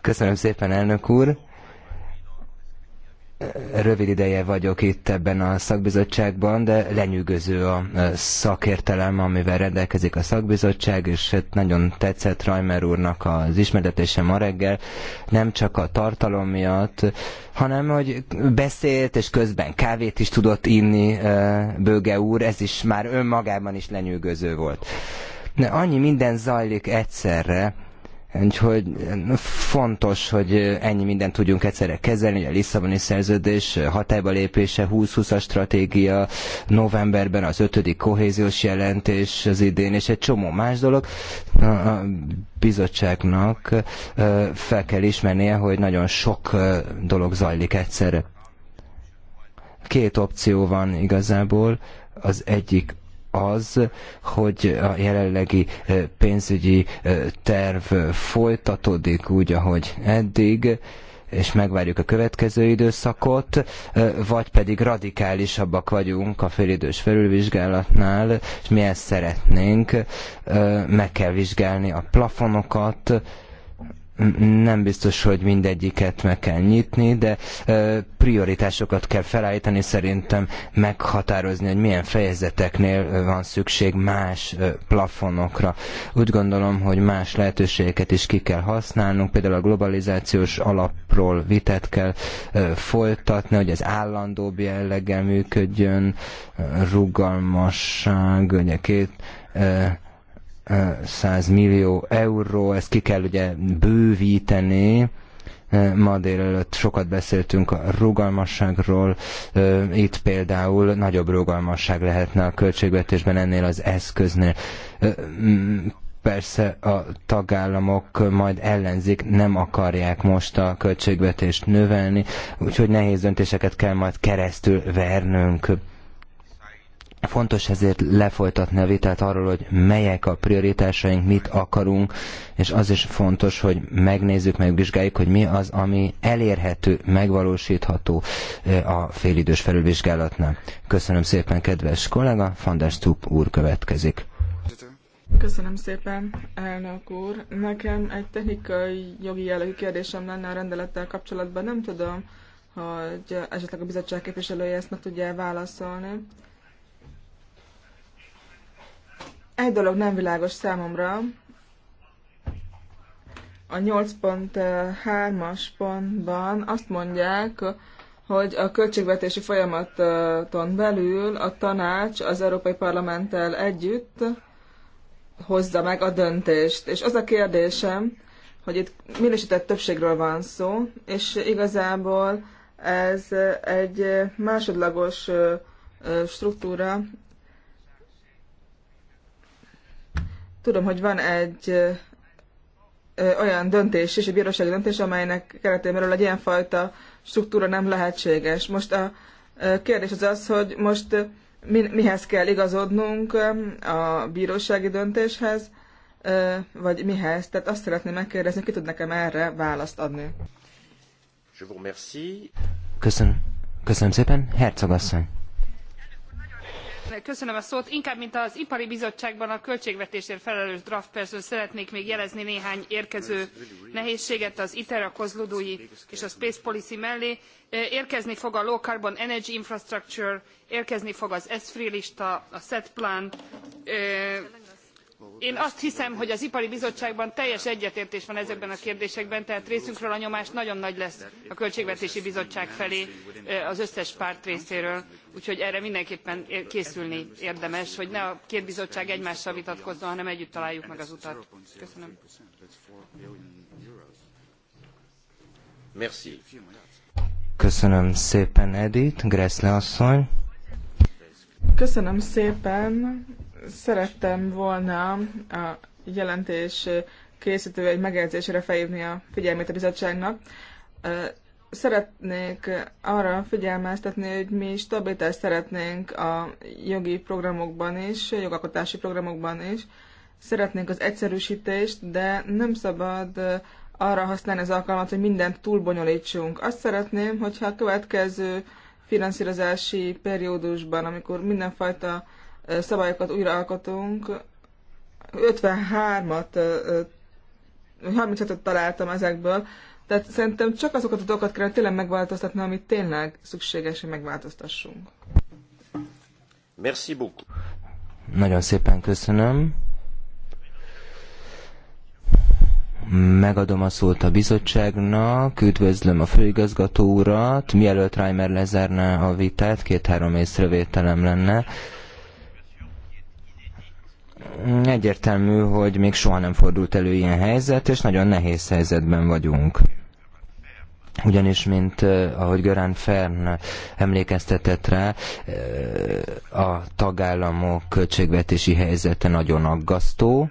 Köszönöm szépen, elnök úr rövid ideje vagyok itt ebben a szakbizottságban, de lenyűgöző a szakértelem, amivel rendelkezik a szakbizottság, és hát nagyon tetszett Reimer úrnak az ismertetése ma reggel, nem csak a tartalom miatt, hanem hogy beszélt, és közben kávét is tudott inni e, Bőge úr, ez is már önmagában is lenyűgöző volt annyi minden zajlik egyszerre, Úgyhogy mm, fontos, hogy ennyi mindent tudjunk egyszerre kezelni, a Lisszaboni szerződés hatályba lépése, 20-20-as stratégia, novemberben az ötödik kohéziós jelentés az idén, és egy csomó más dolog. A bizottságnak fel kell ismernie, hogy nagyon sok dolog zajlik egyszerre. Két opció van igazából. Az egyik az, hogy a jelenlegi eh, pénzügyi eh, terv eh, folytatódik úgy, ahogy eddig, és megvárjuk a következő időszakot, vagy pedig radikálisabbak vagyunk a félidős felülvizsgálatnál, és mi ezt szeretnénk, meg kell vizsgálni a plafonokat, nem biztos, hogy mindegyiket meg kell nyitni, de prioritásokat kell felállítani, szerintem meghatározni, hogy milyen fejezeteknél van szükség más plafonokra. Úgy gondolom, hogy más lehetőségeket is ki kell használnunk, például a globalizációs alapról vitet kell folytatni, hogy ez állandóbb jelleggel működjön, rugalmasság, ugye két 100 millió euró, ezt ki kell ugye bővíteni, ma délelőtt sokat beszéltünk a rugalmasságról, itt például nagyobb rugalmasság lehetne a költségvetésben ennél az eszköznél. Persze a tagállamok majd ellenzik, nem akarják most a költségvetést növelni, úgyhogy nehéz döntéseket kell majd keresztül vernünk. Fontos ezért lefolytatni a vitát arról, hogy melyek a prioritásaink, mit akarunk, és az is fontos, hogy megnézzük, megvizsgáljuk, hogy mi az, ami elérhető, megvalósítható a félidős felülvizsgálatnál. Köszönöm szépen, kedves kollega, Van Tup úr következik.
Köszönöm szépen, elnök úr. Nekem egy technikai jogi jellegű kérdésem lenne a rendelettel kapcsolatban. Nem tudom, hogy esetleg a bizottság képviselője ezt meg tudja válaszolni. Egy dolog nem világos számomra. A 8.3-as pontban azt mondják, hogy a költségvetési folyamaton belül a tanács az Európai Parlamenttel együtt hozza meg a döntést. És az a kérdésem, hogy itt minősített többségről van szó, és igazából ez egy másodlagos struktúra Tudom, hogy van egy olyan döntés és egy bírósági döntés, amelynek keretében belül egy ilyenfajta struktúra nem lehetséges. Most a kérdés az az, hogy most mi, mihez kell igazodnunk a bírósági döntéshez, vagy mihez? Tehát azt szeretném megkérdezni, ki tud nekem erre választ adni.
Köszönöm. Köszönöm szépen. Herzog asszony
inkább mint az ipari bizottságban a költségvetésért felelős person szeretnék még jelezni néhány érkező nehézséget az iter a kozloduji és a space policy mellé. érkezni fog a low carbon energy infrastructure érkezni fog az esfri lista a set plan én azt hiszem hogy az ipari bizottságban teljes egyetértés van ezekben a kérdésekben tehát részünkről a nyomás nagyon nagy lesz a költségvetési bizottság felé az összes párt részéről úgyhogy erre mindenképpen
készülni érdemes hogy ne a két bizottság egymással vitatkozzon hanem együtt találjuk meg az utat. köszönöm. Köszönöm szépen Edith, Gressle asszony.
Köszönöm szépen. Szerettem volna a jelentés készítő egy megjegyzésre felhívni a figyelmét a bizottságnak. Szeretnék arra figyelmeztetni, hogy mi stabilitást szeretnénk a jogi programokban is, jogalkotási programokban is. Szeretnénk az egyszerűsítést, de nem szabad arra használni az alkalmat, hogy mindent túlbonyolítsunk. Azt szeretném, hogyha a következő finanszírozási periódusban, amikor mindenfajta szabályokat újraalkotunk. 53-at, 36-ot találtam ezekből, tehát szerintem csak azokat a dolgokat kell tényleg megváltoztatni, amit tényleg szükséges, hogy megváltoztassunk.
Merci beaucoup.
Nagyon szépen köszönöm. Megadom a szót a bizottságnak, üdvözlöm a főigazgató urat, mielőtt Reimer lezárná a vitát, két-három észrevételem lenne. Egyértelmű, hogy még soha nem fordult elő ilyen helyzet, és nagyon nehéz helyzetben vagyunk. Ugyanis, mint eh, ahogy Görán Fern emlékeztetett rá, eh, a tagállamok költségvetési helyzete nagyon aggasztó,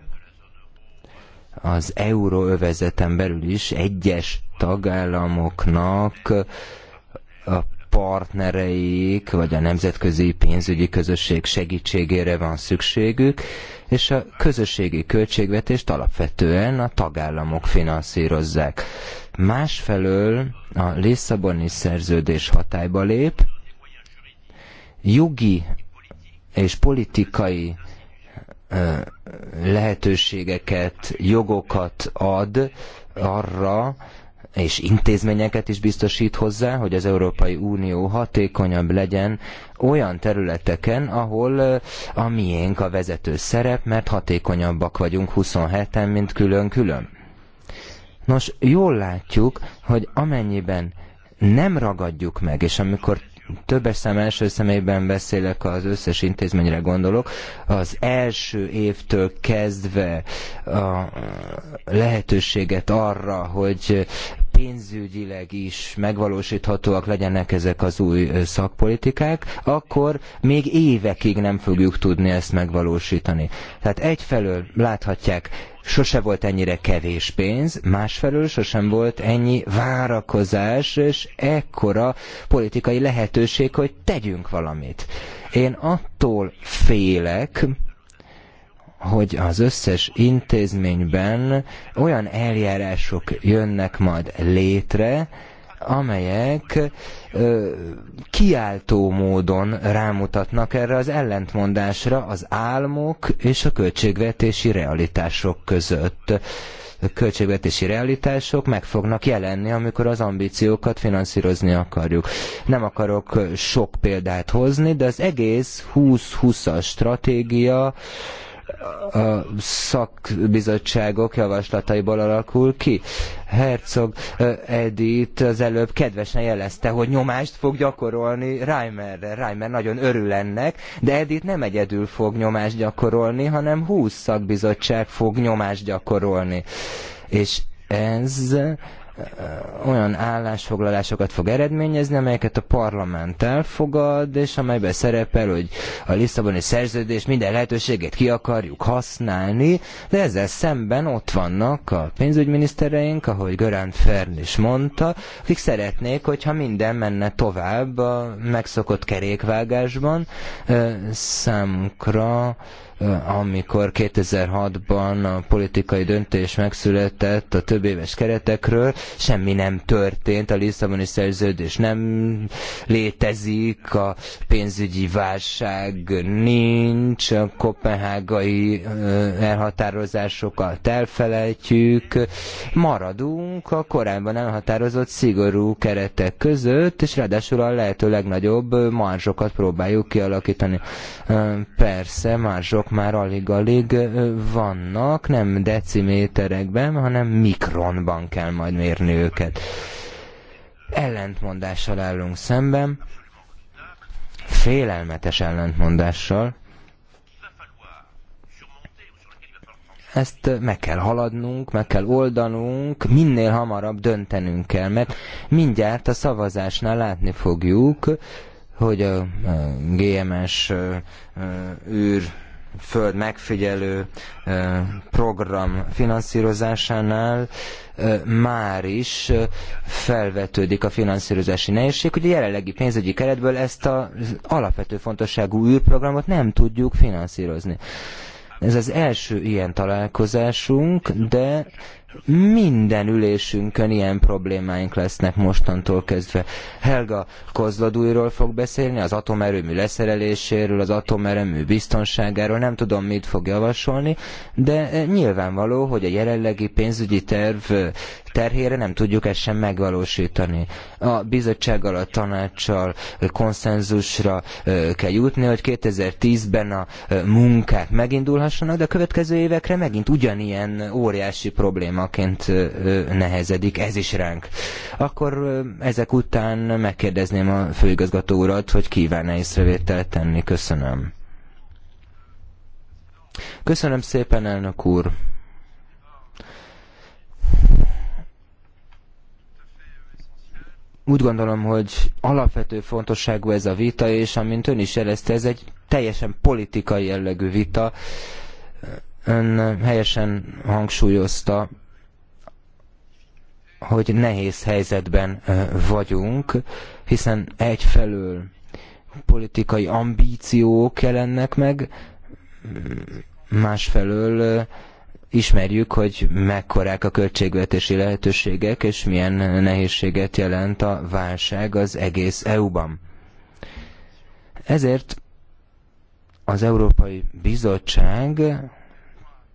az euróövezeten belül is egyes tagállamoknak a partnereik, vagy a nemzetközi pénzügyi közösség segítségére van szükségük, és a közösségi költségvetést alapvetően a tagállamok finanszírozzák. Másfelől a Lisszaboni szerződés hatályba lép, jogi és politikai lehetőségeket, jogokat ad arra, és intézményeket is biztosít hozzá, hogy az Európai Unió hatékonyabb legyen olyan területeken, ahol a miénk a vezető szerep, mert hatékonyabbak vagyunk 27-en, mint külön-külön. Nos, jól látjuk, hogy amennyiben nem ragadjuk meg, és amikor többes szem első személyben beszélek, az összes intézményre gondolok, az első évtől kezdve a lehetőséget arra, hogy pénzügyileg is megvalósíthatóak legyenek ezek az új szakpolitikák, akkor még évekig nem fogjuk tudni ezt megvalósítani. Tehát egyfelől láthatják, sose volt ennyire kevés pénz, másfelől sosem volt ennyi várakozás, és ekkora politikai lehetőség, hogy tegyünk valamit. Én attól félek, hogy az összes intézményben olyan eljárások jönnek majd létre, amelyek ö, kiáltó módon rámutatnak erre az ellentmondásra az álmok és a költségvetési realitások között. A költségvetési realitások meg fognak jelenni, amikor az ambíciókat finanszírozni akarjuk. Nem akarok sok példát hozni, de az egész 20-20-as stratégia a szakbizottságok javaslataiból alakul ki. Herzog Edith az előbb kedvesen jelezte, hogy nyomást fog gyakorolni Reimerre. Reimer nagyon örül ennek, de Edith nem egyedül fog nyomást gyakorolni, hanem 20 szakbizottság fog nyomást gyakorolni. És ez olyan állásfoglalásokat fog eredményezni, amelyeket a parlament elfogad, és amelyben szerepel, hogy a Lisszaboni szerződés minden lehetőségét ki akarjuk használni, de ezzel szemben ott vannak a pénzügyminisztereink, ahogy Görán Fern is mondta, akik szeretnék, hogyha minden menne tovább a megszokott kerékvágásban, Számukra amikor 2006-ban a politikai döntés megszületett a több éves keretekről, semmi nem történt, a Lisszaboni szerződés nem létezik, a pénzügyi válság nincs, a kopenhágai elhatározásokat elfelejtjük, maradunk a korábban elhatározott szigorú keretek között, és ráadásul a lehető legnagyobb marzsokat próbáljuk kialakítani. Persze, marzsok azok már alig-alig vannak, nem deciméterekben, hanem mikronban kell majd mérni őket. Ellentmondással állunk szemben, félelmetes ellentmondással, ezt meg kell haladnunk, meg kell oldanunk, minél hamarabb döntenünk kell, mert mindjárt a szavazásnál látni fogjuk, hogy a GMS űr föld megfigyelő program finanszírozásánál már is felvetődik a finanszírozási nehézség, hogy a jelenlegi pénzügyi keretből ezt az alapvető fontosságú űrprogramot nem tudjuk finanszírozni. Ez az első ilyen találkozásunk, de minden ülésünkön ilyen problémáink lesznek mostantól kezdve. Helga Kozladújról fog beszélni, az atomerőmű leszereléséről, az atomerőmű biztonságáról, nem tudom mit fog javasolni, de eh, nyilvánvaló, hogy a jelenlegi pénzügyi terv eh, terhére nem tudjuk ezt sem megvalósítani. A bizottsággal, a tanácssal konszenzusra kell jutni, hogy 2010-ben a munkák megindulhassanak, de a következő évekre megint ugyanilyen óriási problémaként nehezedik, ez is ránk. Akkor ezek után megkérdezném a főigazgató urat, hogy kíván-e észrevételt tenni. Köszönöm. Köszönöm szépen, elnök úr. úgy gondolom, hogy alapvető fontosságú ez a vita, és amint ön is jelezte, ez egy teljesen politikai jellegű vita. Ön helyesen hangsúlyozta, hogy nehéz helyzetben vagyunk, hiszen egyfelől politikai ambíciók jelennek meg, másfelől ismerjük, hogy mekkorák a költségvetési lehetőségek, és milyen nehézséget jelent a válság az egész EU-ban. Ezért az Európai Bizottság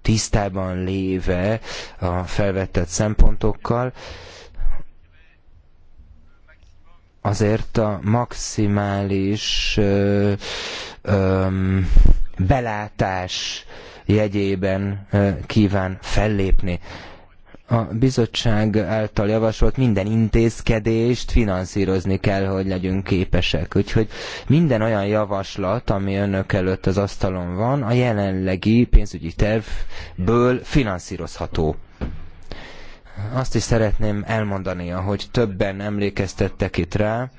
tisztában léve a felvetett szempontokkal, azért a maximális ö, ö, belátás jegyében kíván fellépni. A bizottság által javasolt minden intézkedést finanszírozni kell, hogy legyünk képesek. Úgyhogy minden olyan javaslat, ami önök előtt az asztalon van, a jelenlegi pénzügyi tervből finanszírozható azt is szeretném elmondani, ahogy többen emlékeztettek itt rá,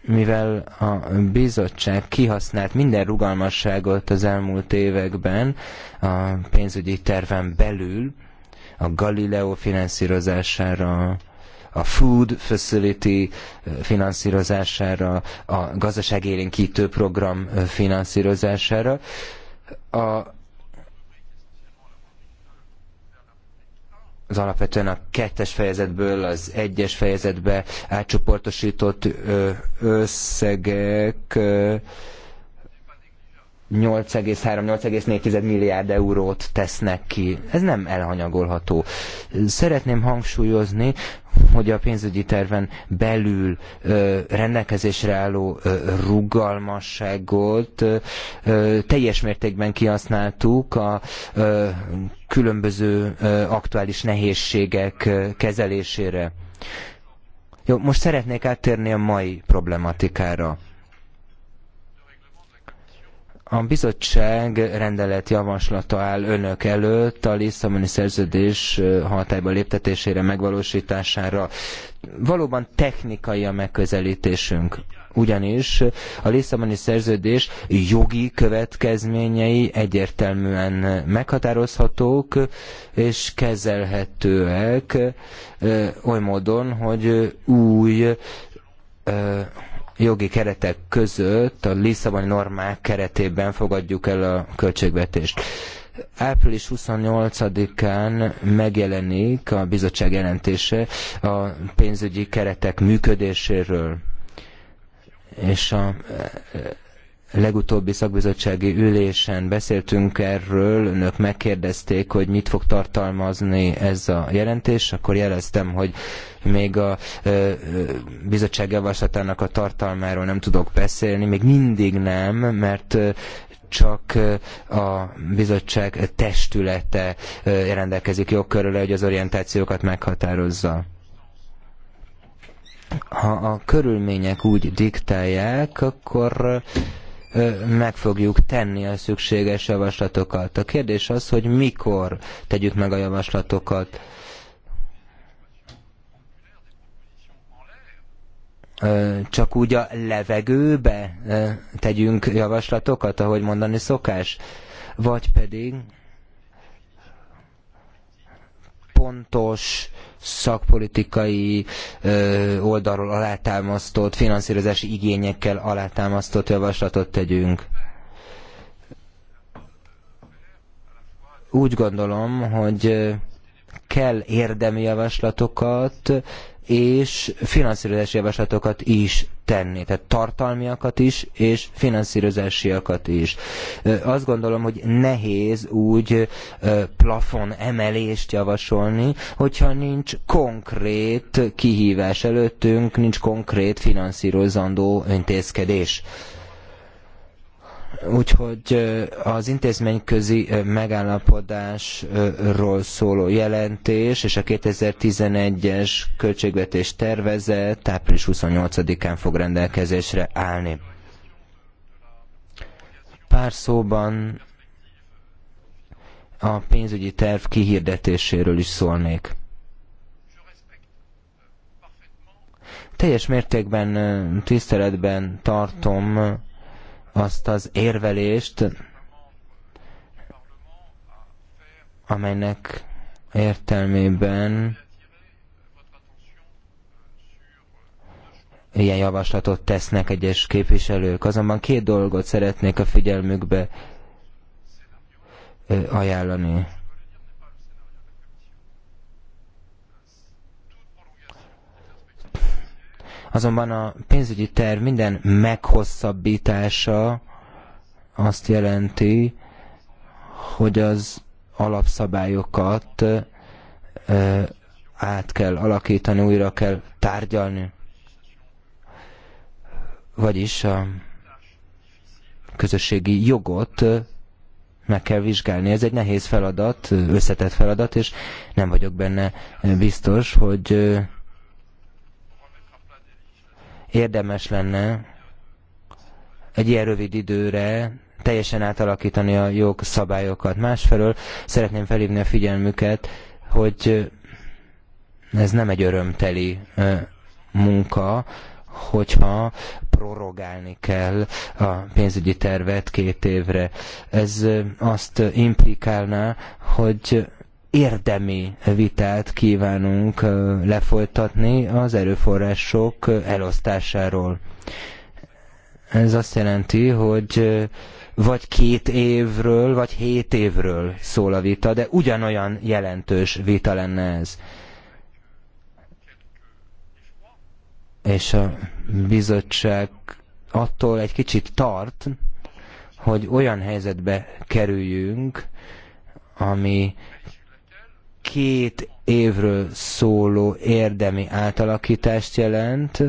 mivel a bizottság kihasznált minden rugalmasságot az elmúlt években a pénzügyi terven belül, a Galileo finanszírozására, a Food Facility finanszírozására, a gazdaságélénkítő program finanszírozására. A az alapvetően a kettes fejezetből az egyes fejezetbe átcsoportosított összegek 8,3-8,4 milliárd eurót tesznek ki. Ez nem elhanyagolható. Szeretném hangsúlyozni, hogy a pénzügyi terven belül ö, rendelkezésre álló ö, rugalmasságot ö, teljes mértékben kihasználtuk a ö, különböző ö, aktuális nehézségek ö, kezelésére. Jó, most szeretnék áttérni a mai problematikára a bizottság rendelet javaslata áll önök előtt a Lisszaboni szerződés hatályba léptetésére, megvalósítására. Valóban technikai a megközelítésünk ugyanis a Lisszaboni szerződés jogi következményei egyértelműen meghatározhatók és kezelhetőek oly módon, hogy új jogi keretek között a Lisszaboni normák keretében fogadjuk el a költségvetést. Április 28-án megjelenik a bizottság jelentése a pénzügyi keretek működéséről és a legutóbbi szakbizottsági ülésen beszéltünk erről, önök megkérdezték, hogy mit fog tartalmazni ez a jelentés, akkor jeleztem, hogy még a ö, bizottság javaslatának a tartalmáról nem tudok beszélni, még mindig nem, mert csak a bizottság testülete rendelkezik jogkörül, hogy az orientációkat meghatározza ha a körülmények úgy diktálják, akkor meg fogjuk tenni a szükséges javaslatokat. A kérdés az, hogy mikor tegyük meg a javaslatokat. Csak úgy a levegőbe tegyünk javaslatokat, ahogy mondani szokás? Vagy pedig pontos szakpolitikai oldalról alátámasztott, finanszírozási igényekkel alátámasztott javaslatot tegyünk. Úgy gondolom, hogy kell érdemi javaslatokat, és finanszírozási javaslatokat is tenni, tehát tartalmiakat is, és finanszírozásiakat is. Azt gondolom, hogy nehéz úgy plafon emelést javasolni, hogyha nincs konkrét kihívás előttünk, nincs konkrét finanszírozandó intézkedés. Úgyhogy az intézményközi megállapodásról szóló jelentés és a 2011-es költségvetés tervezet április 28-án fog rendelkezésre állni. Pár szóban a pénzügyi terv kihirdetéséről is szólnék. Teljes mértékben tiszteletben tartom azt az érvelést, amelynek értelmében ilyen javaslatot tesznek egyes képviselők. Azonban két dolgot szeretnék a figyelmükbe ajánlani. Azonban a pénzügyi terv minden meghosszabbítása azt jelenti, hogy az alapszabályokat át kell alakítani, újra kell tárgyalni. Vagyis a közösségi jogot meg kell vizsgálni. Ez egy nehéz feladat, összetett feladat, és nem vagyok benne biztos, hogy érdemes lenne egy ilyen rövid időre teljesen átalakítani a jogszabályokat. Másfelől szeretném felhívni a figyelmüket, hogy ez nem egy örömteli munka, hogyha prorogálni kell a pénzügyi tervet két évre. Ez azt implikálná, hogy érdemi vitát kívánunk lefolytatni az erőforrások elosztásáról. Ez azt jelenti, hogy vagy két évről, vagy hét évről szól a vita, de ugyanolyan jelentős vita lenne ez. És a bizottság attól egy kicsit tart, hogy olyan helyzetbe kerüljünk, ami két évről szóló érdemi átalakítást jelent,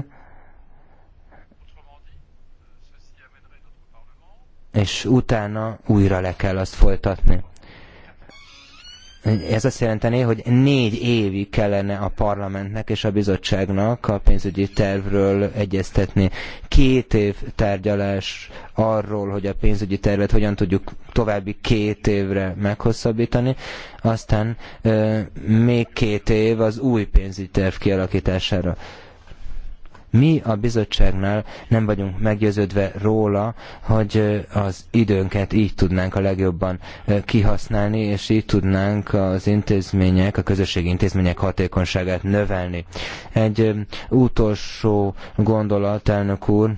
és utána újra le kell azt folytatni. Ez azt jelenteni, hogy négy évig kellene a parlamentnek és a bizottságnak a pénzügyi tervről egyeztetni. Két év tárgyalás arról, hogy a pénzügyi tervet hogyan tudjuk további két évre meghosszabbítani, aztán euh, még két év az új pénzügyi terv kialakítására. Mi a bizottságnál nem vagyunk meggyőződve róla, hogy az időnket így tudnánk a legjobban kihasználni, és így tudnánk az intézmények, a közösségi intézmények hatékonyságát növelni. Egy utolsó gondolat, elnök úr,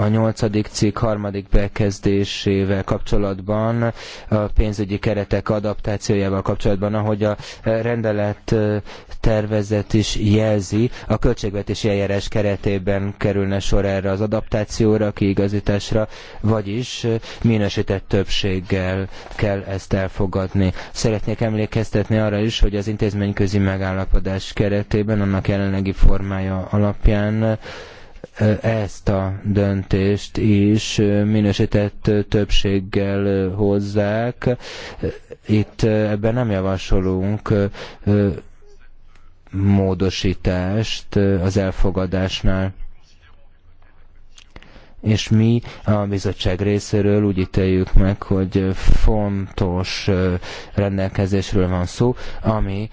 a nyolcadik cikk harmadik bekezdésével kapcsolatban, a pénzügyi keretek adaptációjával kapcsolatban, ahogy a rendelet tervezet is jelzi, a költségvetési eljárás keretében kerülne sor erre az adaptációra, kiigazításra, vagyis minősített többséggel kell ezt elfogadni. Szeretnék emlékeztetni arra is, hogy az intézményközi megállapodás keretében, annak jelenlegi formája alapján ezt a döntést is minősített többséggel hozzák. Itt ebben nem javasolunk módosítást az elfogadásnál és mi a bizottság részéről úgy ítéljük meg, hogy fontos rendelkezésről van szó, ami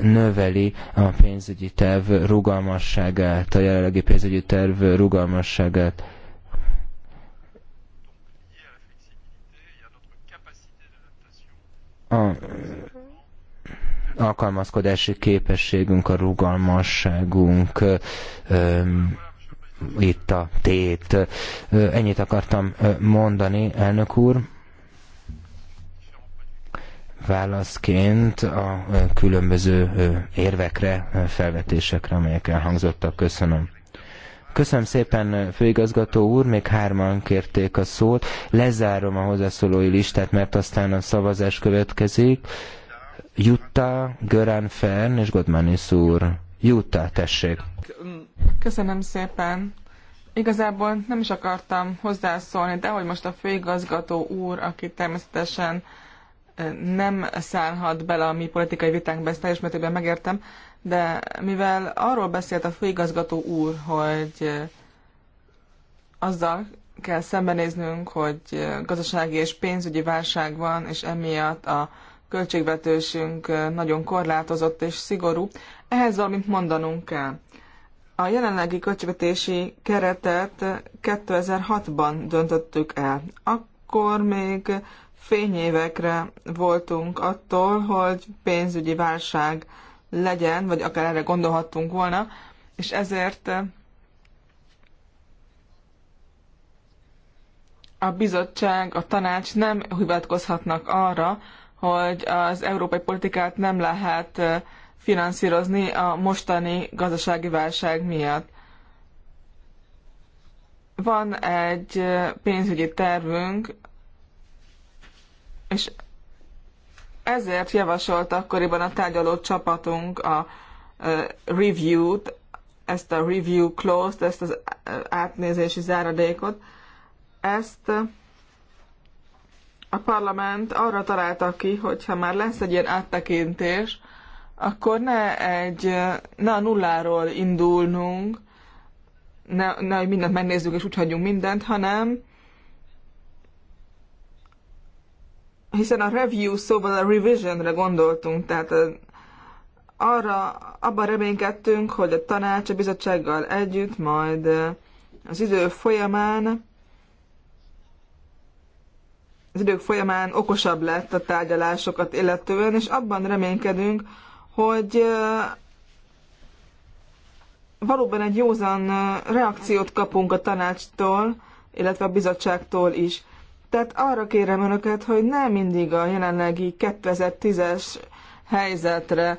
növeli a pénzügyi terv rugalmasságát, a jelenlegi pénzügyi terv rugalmasságát. A alkalmazkodási képességünk, a rugalmasságunk, itt a tét. Ennyit akartam mondani, elnök úr. Válaszként a különböző érvekre, felvetésekre, amelyek elhangzottak. Köszönöm. Köszönöm szépen, főigazgató úr, még hárman kérték a szót. Lezárom a hozzászólói listát, mert aztán a szavazás következik. Jutta, Görán Fern és Godmanis úr. Jutta, tessék.
Köszönöm szépen. Igazából nem is akartam hozzászólni, de hogy most a főigazgató úr, aki természetesen eh, nem szállhat bele a mi politikai vitánkba, ezt teljes mértékben megértem, de mivel arról beszélt a főigazgató úr, hogy eh, azzal kell szembenéznünk, hogy eh, gazdasági és pénzügyi válság van, és emiatt a költségvetésünk nagyon korlátozott és szigorú, ehhez valamit mondanunk kell. A jelenlegi költségvetési keretet 2006-ban döntöttük el. Akkor még fényévekre voltunk attól, hogy pénzügyi válság legyen, vagy akár erre gondolhattunk volna, és ezért a bizottság, a tanács nem hivatkozhatnak arra, hogy az európai politikát nem lehet finanszírozni a mostani gazdasági válság miatt. Van egy pénzügyi tervünk, és ezért javasolt akkoriban a tárgyaló csapatunk a review-t, ezt a review closed, ezt az átnézési záradékot. Ezt a parlament arra találta ki, hogyha már lesz egy ilyen áttekintés, akkor ne egy, ne a nulláról indulnunk, ne, ne hogy mindent megnézzük és úgy hagyjunk mindent, hanem hiszen a review szóval a revisionre gondoltunk, tehát a, arra, abban reménykedtünk, hogy a tanács a bizottsággal együtt majd az idő folyamán az idők folyamán okosabb lett a tárgyalásokat illetően, és abban reménykedünk, hogy valóban egy józan reakciót kapunk a tanácstól, illetve a bizottságtól is. Tehát arra kérem önöket, hogy ne mindig a jelenlegi 2010-es helyzetre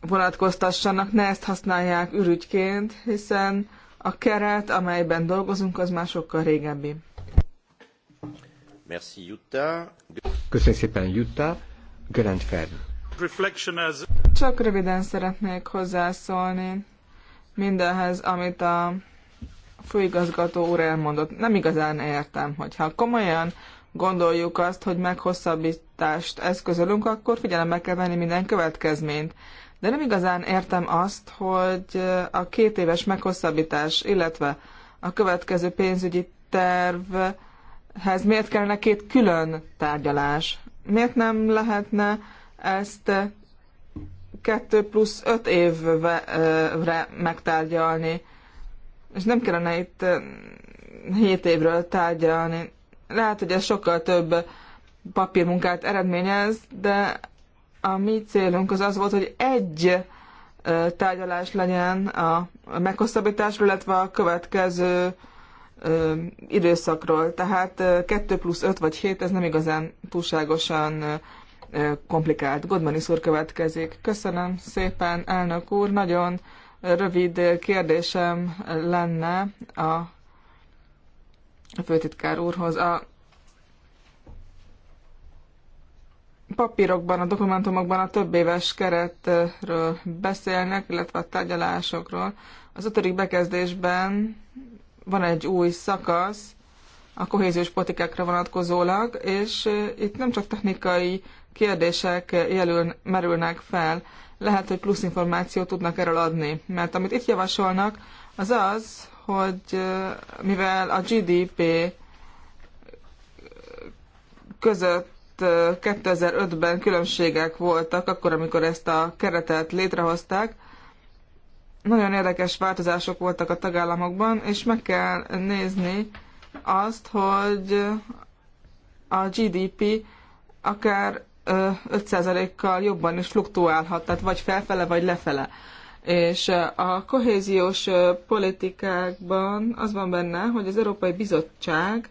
vonatkoztassanak, ne ezt használják ürügyként, hiszen a keret, amelyben dolgozunk, az már sokkal régebbi. Merci, Jutta.
Köszönöm szépen, Jutta. Grand Fern.
Csak röviden szeretnék hozzászólni mindenhez, amit a főigazgató úr elmondott. Nem igazán értem, hogyha komolyan gondoljuk azt, hogy meghosszabbítást eszközölünk, akkor figyelembe kell venni minden következményt. De nem igazán értem azt, hogy a két éves meghosszabbítás, illetve a következő pénzügyi tervhez miért kellene két külön tárgyalás? Miért nem lehetne ezt 2 plusz 5 évre megtárgyalni. És nem kellene itt 7 évről tárgyalni. Lehet, hogy ez sokkal több papírmunkát eredményez, de a mi célunk az az volt, hogy egy tárgyalás legyen a meghosszabbításról, illetve a következő időszakról. Tehát 2 plusz 5 vagy 7, ez nem igazán túlságosan komplikált. Godman úr következik. Köszönöm szépen, elnök úr. Nagyon rövid kérdésem lenne a főtitkár úrhoz. A papírokban, a dokumentumokban a több éves keretről beszélnek, illetve a tárgyalásokról. Az ötödik bekezdésben van egy új szakasz a kohéziós politikákra vonatkozólag, és itt nem csak technikai kérdések jelül, merülnek fel. Lehet, hogy plusz információt tudnak erről adni. Mert amit itt javasolnak, az az, hogy mivel a GDP között 2005-ben különbségek voltak, akkor, amikor ezt a keretet létrehozták, nagyon érdekes változások voltak a tagállamokban, és meg kell nézni azt, hogy a GDP akár 5%-kal jobban is fluktuálhat, tehát vagy felfele, vagy lefele. És a kohéziós politikákban az van benne, hogy az Európai Bizottság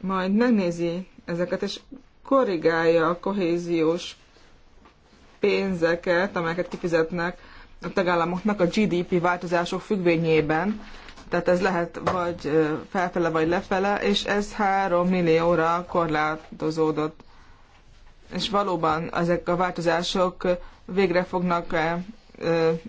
majd megnézi ezeket, és korrigálja a kohéziós pénzeket, amelyeket kifizetnek a tagállamoknak a GDP változások függvényében. Tehát ez lehet vagy felfele, vagy lefele, és ez 3 millióra korlátozódott és valóban ezek a változások végre fognak -e,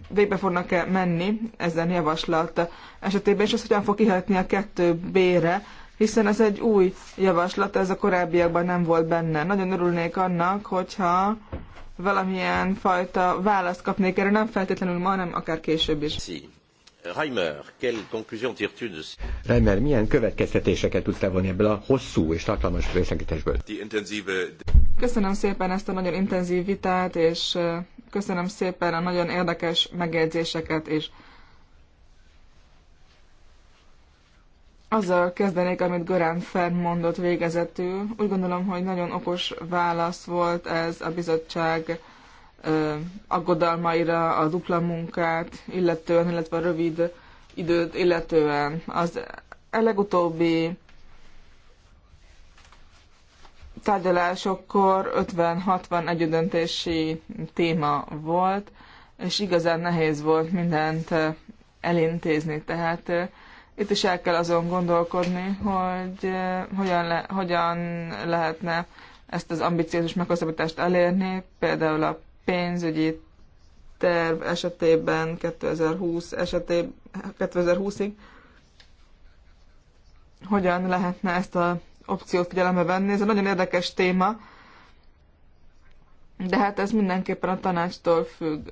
végbe fognak-e menni ezen javaslat esetében, és ez hogyan fog kihetni a 2B-re, hiszen ez egy új javaslat, ez a korábbiakban nem volt benne. Nagyon örülnék annak, hogyha valamilyen fajta választ kapnék erre, nem feltétlenül ma, hanem akár később is. Sí.
Reimer, quelle conclusion tires-tu de... Reimer, milyen következtetéseket tudsz levonni ebből a hosszú és tartalmas részletesből?
Köszönöm szépen ezt a nagyon intenzív vitát, és köszönöm szépen a nagyon érdekes megjegyzéseket, és azzal kezdenék, amit Gorán Fern mondott végezetül. Úgy gondolom, hogy nagyon okos válasz volt ez a bizottság aggodalmaira, a dupla munkát, illetően, illetve a rövid időt, illetően. Az e legutóbbi tárgyalásokkor 50-60 együttdöntési téma volt, és igazán nehéz volt mindent elintézni. Tehát itt is el kell azon gondolkodni, hogy hogyan, le, hogyan lehetne ezt az ambiciózus meghosszabbítást elérni, például a pénzügyi terv esetében 2020 esetében 2020-ig hogyan lehetne ezt a opciót figyelembe venni. Ez egy nagyon érdekes téma, de hát ez mindenképpen a tanácstól függ.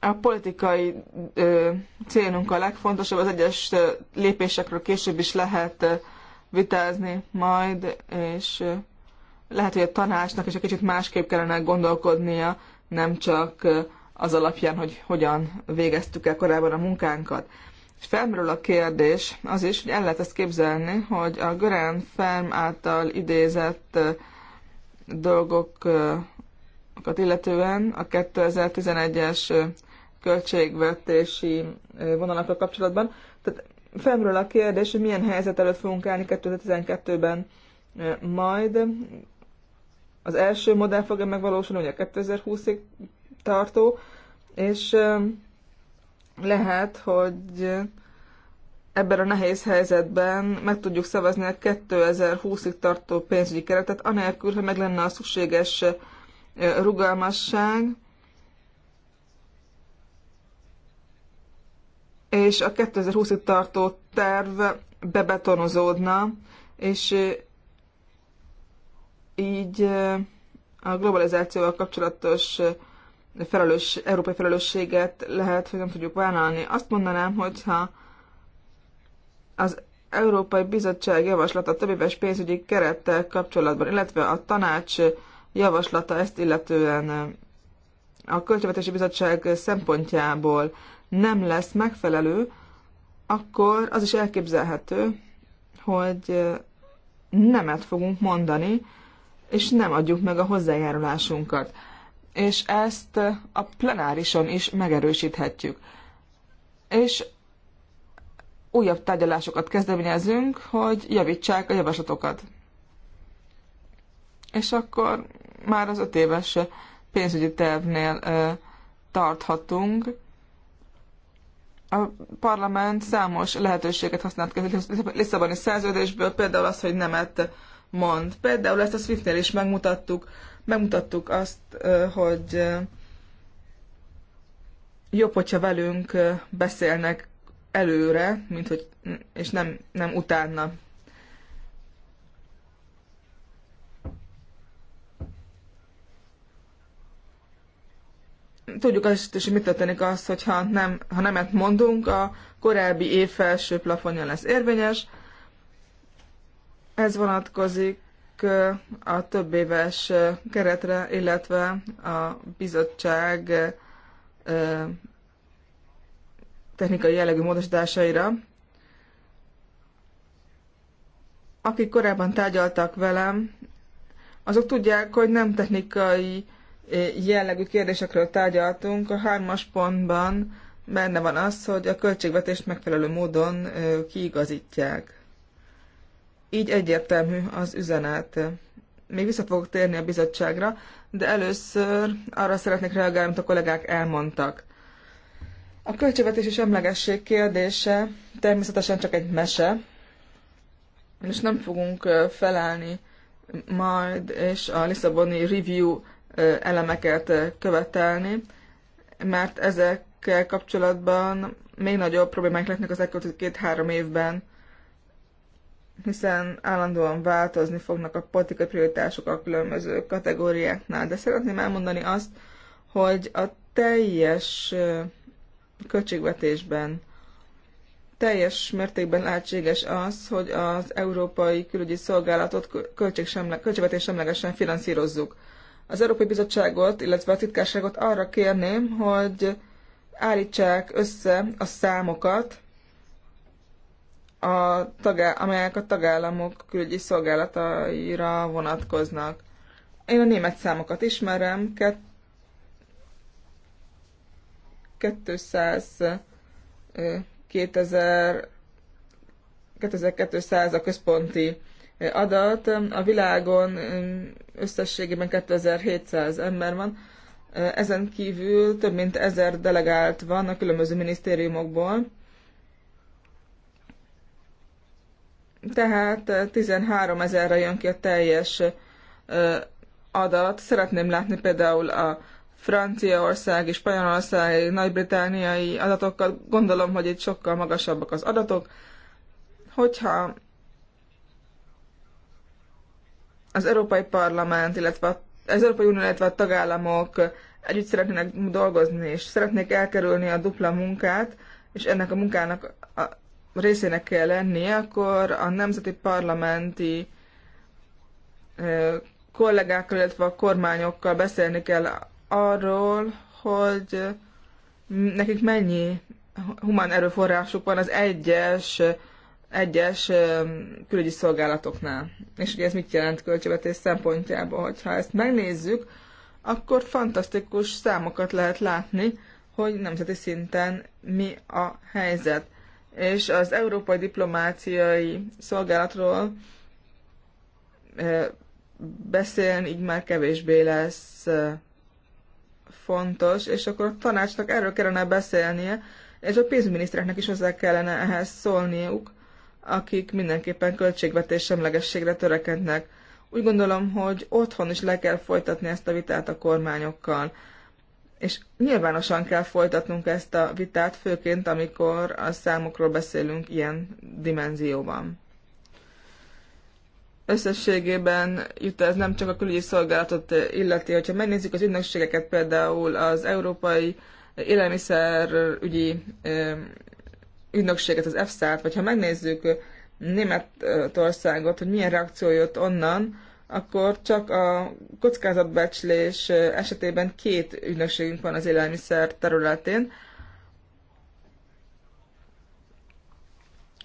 A politikai ö, célunk a legfontosabb, az egyes lépésekről később is lehet vitázni majd, és lehet, hogy a tanácsnak is egy kicsit másképp kellene gondolkodnia, nem csak az alapján, hogy hogyan végeztük el korábban a munkánkat. És felmerül a kérdés az is, hogy el lehet ezt képzelni, hogy a Grand Firm által idézett dolgokat illetően a 2011-es költségvetési vonalakkal kapcsolatban, Felmerül a kérdés, hogy milyen helyzet előtt fogunk állni 2012-ben majd. Az első modell fogja megvalósulni, ugye 2020-ig tartó, és lehet, hogy ebben a nehéz helyzetben meg tudjuk szavazni a 2020-ig tartó pénzügyi keretet, anélkül, hogy meg lenne a szükséges rugalmasság, és a 2020-ig tartó terv bebetonozódna, és így a globalizációval kapcsolatos felelős, európai felelősséget lehet, hogy nem tudjuk vállalni. Azt mondanám, hogyha az Európai Bizottság javaslata a többéves pénzügyi kerettel kapcsolatban, illetve a tanács javaslata ezt illetően a Költségvetési Bizottság szempontjából nem lesz megfelelő, akkor az is elképzelhető, hogy nemet fogunk mondani, és nem adjuk meg a hozzájárulásunkat. És ezt a plenárison is megerősíthetjük. És újabb tárgyalásokat kezdeményezünk, hogy javítsák a javaslatokat. És akkor már az öt éves pénzügyi tervnél ö, tarthatunk, a parlament számos lehetőséget használt ki a Lisszaboni szerződésből, például az, hogy nemet mond. Például ezt a Swiftnél is megmutattuk, megmutattuk azt, hogy jobb, hogyha velünk beszélnek előre, mint hogy, és nem, nem utána tudjuk azt is, hogy mit történik az, hogyha nem, ha nemet mondunk, a korábbi év felső plafonja lesz érvényes. Ez vonatkozik a több éves keretre, illetve a bizottság technikai jellegű módosításaira. Akik korábban tárgyaltak velem, azok tudják, hogy nem technikai jellegű kérdésekről tárgyaltunk, a hármas pontban benne van az, hogy a költségvetést megfelelő módon kiigazítják. Így egyértelmű az üzenet. Még vissza fogok térni a bizottságra, de először arra szeretnék reagálni, amit a kollégák elmondtak. A költségvetési semlegesség kérdése természetesen csak egy mese, és nem fogunk felállni majd, és a Lisszaboni Review elemeket követelni, mert ezekkel kapcsolatban még nagyobb problémák lehetnek az elkövetkező két-három évben, hiszen állandóan változni fognak a politikai prioritások a különböző kategóriáknál. De szeretném elmondani azt, hogy a teljes költségvetésben teljes mértékben lehetséges az, hogy az Európai Külügyi Szolgálatot költségvetés semlegesen finanszírozzuk az Európai Bizottságot, illetve a titkárságot arra kérném, hogy állítsák össze a számokat, a tagá- amelyek a tagállamok külügyi szolgálataira vonatkoznak. Én a német számokat ismerem, 200 2000 2200 a központi adat. A világon összességében 2700 ember van, ezen kívül több mint ezer delegált van a különböző minisztériumokból. Tehát 13 ezerre jön ki a teljes adat. Szeretném látni például a Franciaország és Spanyolország, nagy-britániai adatokat. Gondolom, hogy itt sokkal magasabbak az adatok. Hogyha az Európai Parlament, illetve az Európai Unió, illetve a tagállamok együtt szeretnének dolgozni, és szeretnék elkerülni a dupla munkát, és ennek a munkának a részének kell lennie, akkor a nemzeti parlamenti kollégákkal, illetve a kormányokkal beszélni kell arról, hogy nekik mennyi humán erőforrásuk van az egyes egyes külügyi szolgálatoknál. És ugye ez mit jelent költségvetés szempontjából, hogyha ezt megnézzük, akkor fantasztikus számokat lehet látni, hogy nemzeti szinten mi a helyzet. És az Európai Diplomáciai Szolgálatról beszélni így már kevésbé lesz fontos, és akkor a tanácsnak erről kellene beszélnie, és a pénzminisztereknek is hozzá kellene ehhez szólniuk, akik mindenképpen költségvetés semlegességre törekednek. Úgy gondolom, hogy otthon is le kell folytatni ezt a vitát a kormányokkal. És nyilvánosan kell folytatnunk ezt a vitát, főként amikor a számokról beszélünk ilyen dimenzióban. Összességében jut ez nem csak a külügyi szolgálatot illeti, hogyha megnézzük az ügynökségeket, például az Európai Élelmiszerügyi ügynökséget, az EFSA-t, vagy ha megnézzük Németországot, hogy milyen reakció jött onnan, akkor csak a kockázatbecslés esetében két ügynökségünk van az élelmiszer területén.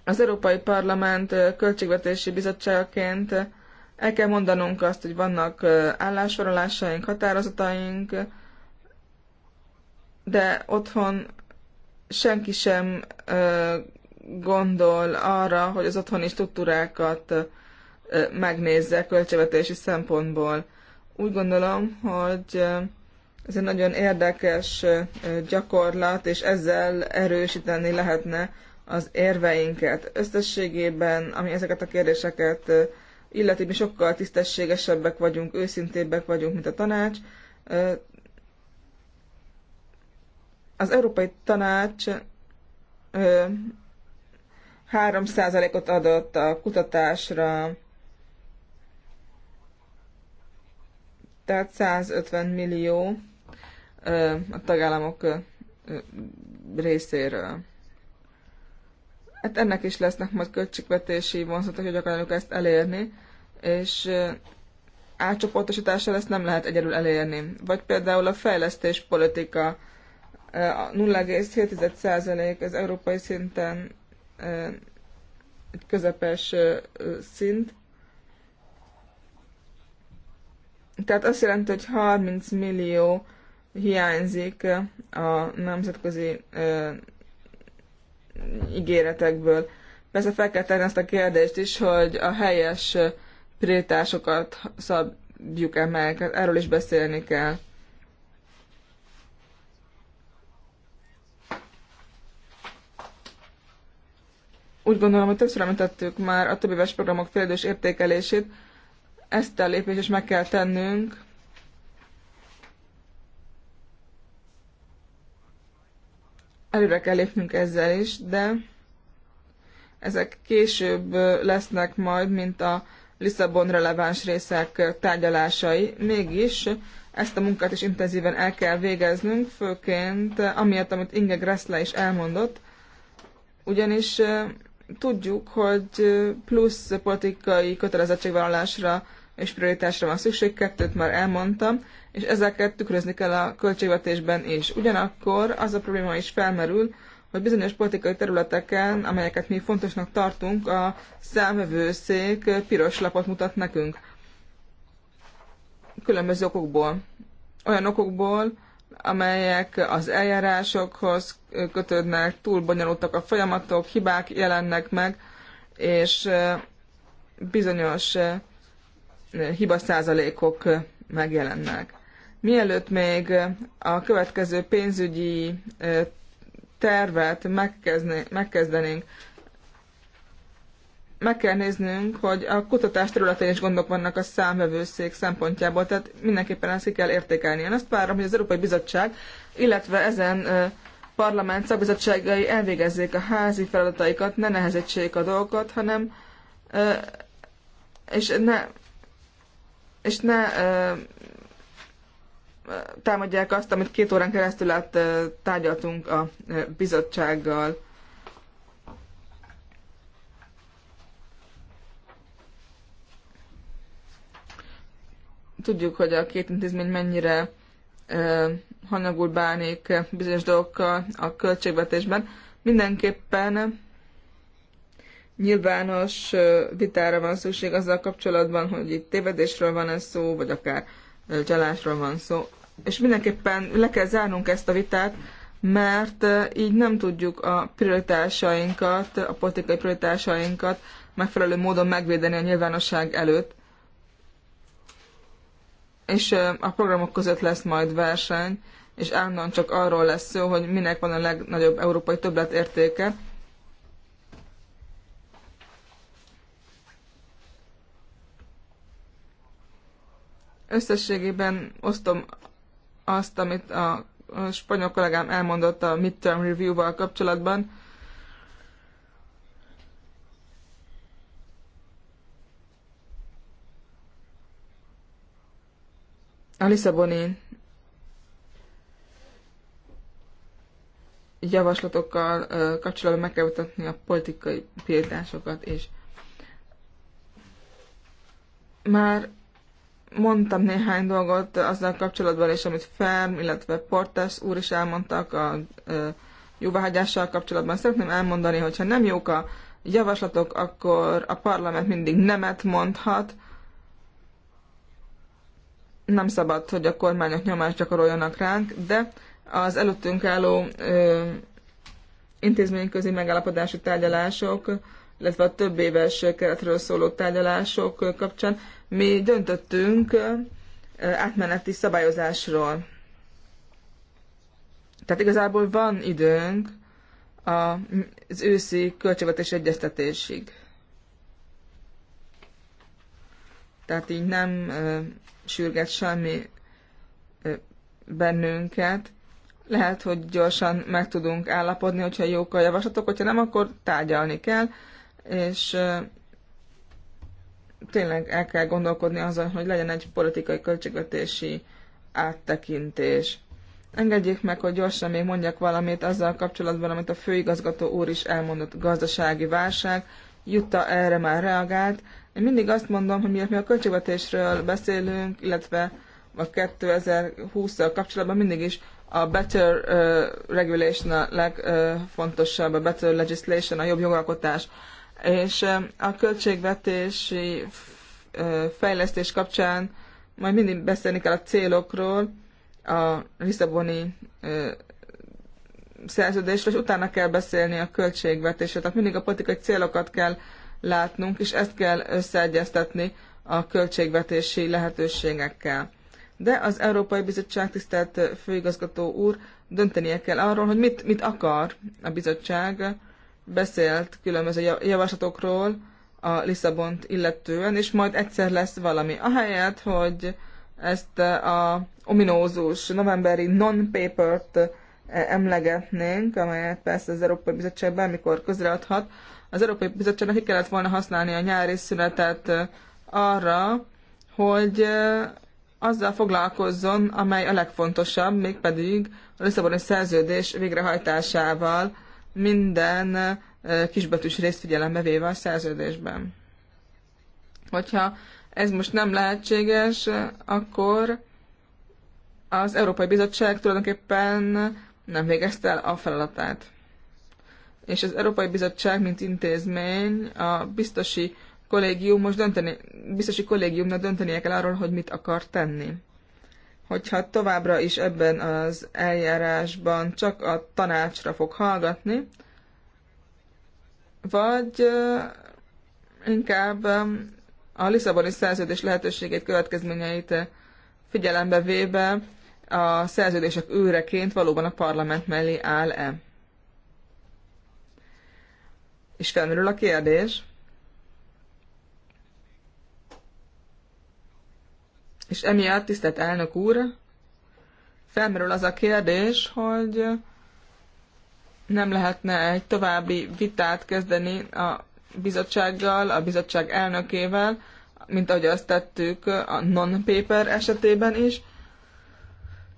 Az Európai Parlament Költségvetési Bizottságaként el kell mondanunk azt, hogy vannak állásorolásaink, határozataink, de otthon senki sem gondol arra, hogy az otthoni struktúrákat megnézze költségvetési szempontból. Úgy gondolom, hogy ez egy nagyon érdekes gyakorlat, és ezzel erősíteni lehetne az érveinket. Összességében, ami ezeket a kérdéseket illeti, mi sokkal tisztességesebbek vagyunk, őszintébbek vagyunk, mint a tanács. Az Európai Tanács 3%-ot adott a kutatásra, tehát 150 millió a tagállamok részéről. Hát ennek is lesznek majd költségvetési vonzatok, hogy akarjuk ezt elérni, és átcsoportosítással ezt nem lehet egyedül elérni. Vagy például a fejlesztés politika 0,7% az európai szinten egy közepes szint. Tehát azt jelenti, hogy 30 millió hiányzik a nemzetközi ö, ígéretekből. Persze fel kell tenni ezt a kérdést is, hogy a helyes prétásokat szabjuk-e meg, hát erről is beszélni kell. Úgy gondolom, hogy többször említettük már a többi éves programok félidős értékelését. Ezt a lépést is meg kell tennünk. Előre kell lépnünk ezzel is, de ezek később lesznek majd, mint a Lisszabon releváns részek tárgyalásai. Mégis ezt a munkát is intenzíven el kell végeznünk, főként amiatt, amit Inge Gressle is elmondott, ugyanis tudjuk, hogy plusz politikai kötelezettségvállalásra és prioritásra van szükség, kettőt már elmondtam, és ezeket tükrözni kell a költségvetésben is. Ugyanakkor az a probléma is felmerül, hogy bizonyos politikai területeken, amelyeket mi fontosnak tartunk, a számvevőszék piros lapot mutat nekünk. Különböző okokból. Olyan okokból, amelyek az eljárásokhoz kötődnek, túl bonyolultak a folyamatok, hibák jelennek meg, és bizonyos hibaszázalékok megjelennek. Mielőtt még a következő pénzügyi tervet megkezdenénk meg kell néznünk, hogy a kutatás területén is gondok vannak a számvevőszék szempontjából, tehát mindenképpen ezt ki kell értékelni. Én azt várom, hogy az Európai Bizottság, illetve ezen parlament szakbizottságai elvégezzék a házi feladataikat, ne nehezítsék a dolgokat, hanem és ne és ne támadják azt, amit két órán keresztül át tárgyaltunk a bizottsággal. Tudjuk, hogy a két intézmény mennyire hanyagul bánik bizonyos dolgokkal a költségvetésben. Mindenképpen nyilvános vitára van szükség azzal kapcsolatban, hogy itt tévedésről van ez szó, vagy akár csalásról van szó. És mindenképpen le kell zárnunk ezt a vitát, mert így nem tudjuk a prioritásainkat, a politikai prioritásainkat megfelelő módon megvédeni a nyilvánosság előtt és a programok között lesz majd verseny, és állandóan csak arról lesz szó, hogy minek van a legnagyobb európai értéke. Összességében osztom azt, amit a spanyol kollégám elmondott a midterm review-val kapcsolatban, A Lisszaboni javaslatokkal kapcsolatban meg kell mutatni a politikai példásokat, és Már mondtam néhány dolgot azzal kapcsolatban és amit Ferm, illetve Portes úr is elmondtak a jóváhagyással kapcsolatban. Szeretném elmondani, hogyha nem jók a javaslatok, akkor a parlament mindig nemet mondhat, nem szabad, hogy a kormányok nyomást gyakoroljanak ránk, de az előttünk álló ö, intézményközi megállapodási tárgyalások, illetve a több éves keretről szóló tárgyalások kapcsán mi döntöttünk átmeneti szabályozásról. Tehát igazából van időnk az őszi költségvetés egyeztetésig. Tehát így nem sürget semmi bennünket. Lehet, hogy gyorsan meg tudunk állapodni, hogyha jók a javaslatok, hogyha nem, akkor tárgyalni kell, és tényleg el kell gondolkodni azon, hogy legyen egy politikai költségvetési áttekintés. Engedjék meg, hogy gyorsan még mondjak valamit azzal kapcsolatban, amit a főigazgató úr is elmondott, gazdasági válság. Jutta erre már reagált, én mindig azt mondom, hogy miért mi a költségvetésről beszélünk, illetve a 2020-szal kapcsolatban mindig is a better uh, regulation a legfontosabb, a better legislation, a jobb jogalkotás. És uh, a költségvetési uh, fejlesztés kapcsán majd mindig beszélni kell a célokról, a Lisszaboni uh, szerződésről, és utána kell beszélni a költségvetésről. Tehát mindig a politikai célokat kell uh, látnunk, és ezt kell összeegyeztetni a költségvetési lehetőségekkel. De az Európai Bizottság tisztelt főigazgató úr döntenie kell arról, hogy mit, mit akar a bizottság, beszélt különböző javaslatokról a Lisszabont illetően, és majd egyszer lesz valami. Ahelyett, hogy ezt a ominózus novemberi non-papert eh, emlegetnénk, amelyet persze az Európai Bizottság bármikor közreadhat, az Európai Bizottságnak ki kellett volna használni a nyári szünetet arra, hogy azzal foglalkozzon, amely a legfontosabb, mégpedig a Lisszaboni szerződés végrehajtásával minden kisbetűs részt figyelembe véve a szerződésben. Hogyha ez most nem lehetséges, akkor az Európai Bizottság tulajdonképpen nem végezte el a feladatát és az Európai Bizottság, mint intézmény, a biztosi kollégium most dönteni, biztosi kollégiumnak döntenie kell arról, hogy mit akar tenni. Hogyha továbbra is ebben az eljárásban csak a tanácsra fog hallgatni, vagy inkább a Lisszaboni szerződés lehetőségét, következményeit figyelembe véve a szerződések őreként valóban a parlament mellé áll-e. És felmerül a kérdés, és emiatt, tisztelt elnök úr, felmerül az a kérdés, hogy nem lehetne egy további vitát kezdeni a bizottsággal, a bizottság elnökével, mint ahogy azt tettük a non-paper esetében is,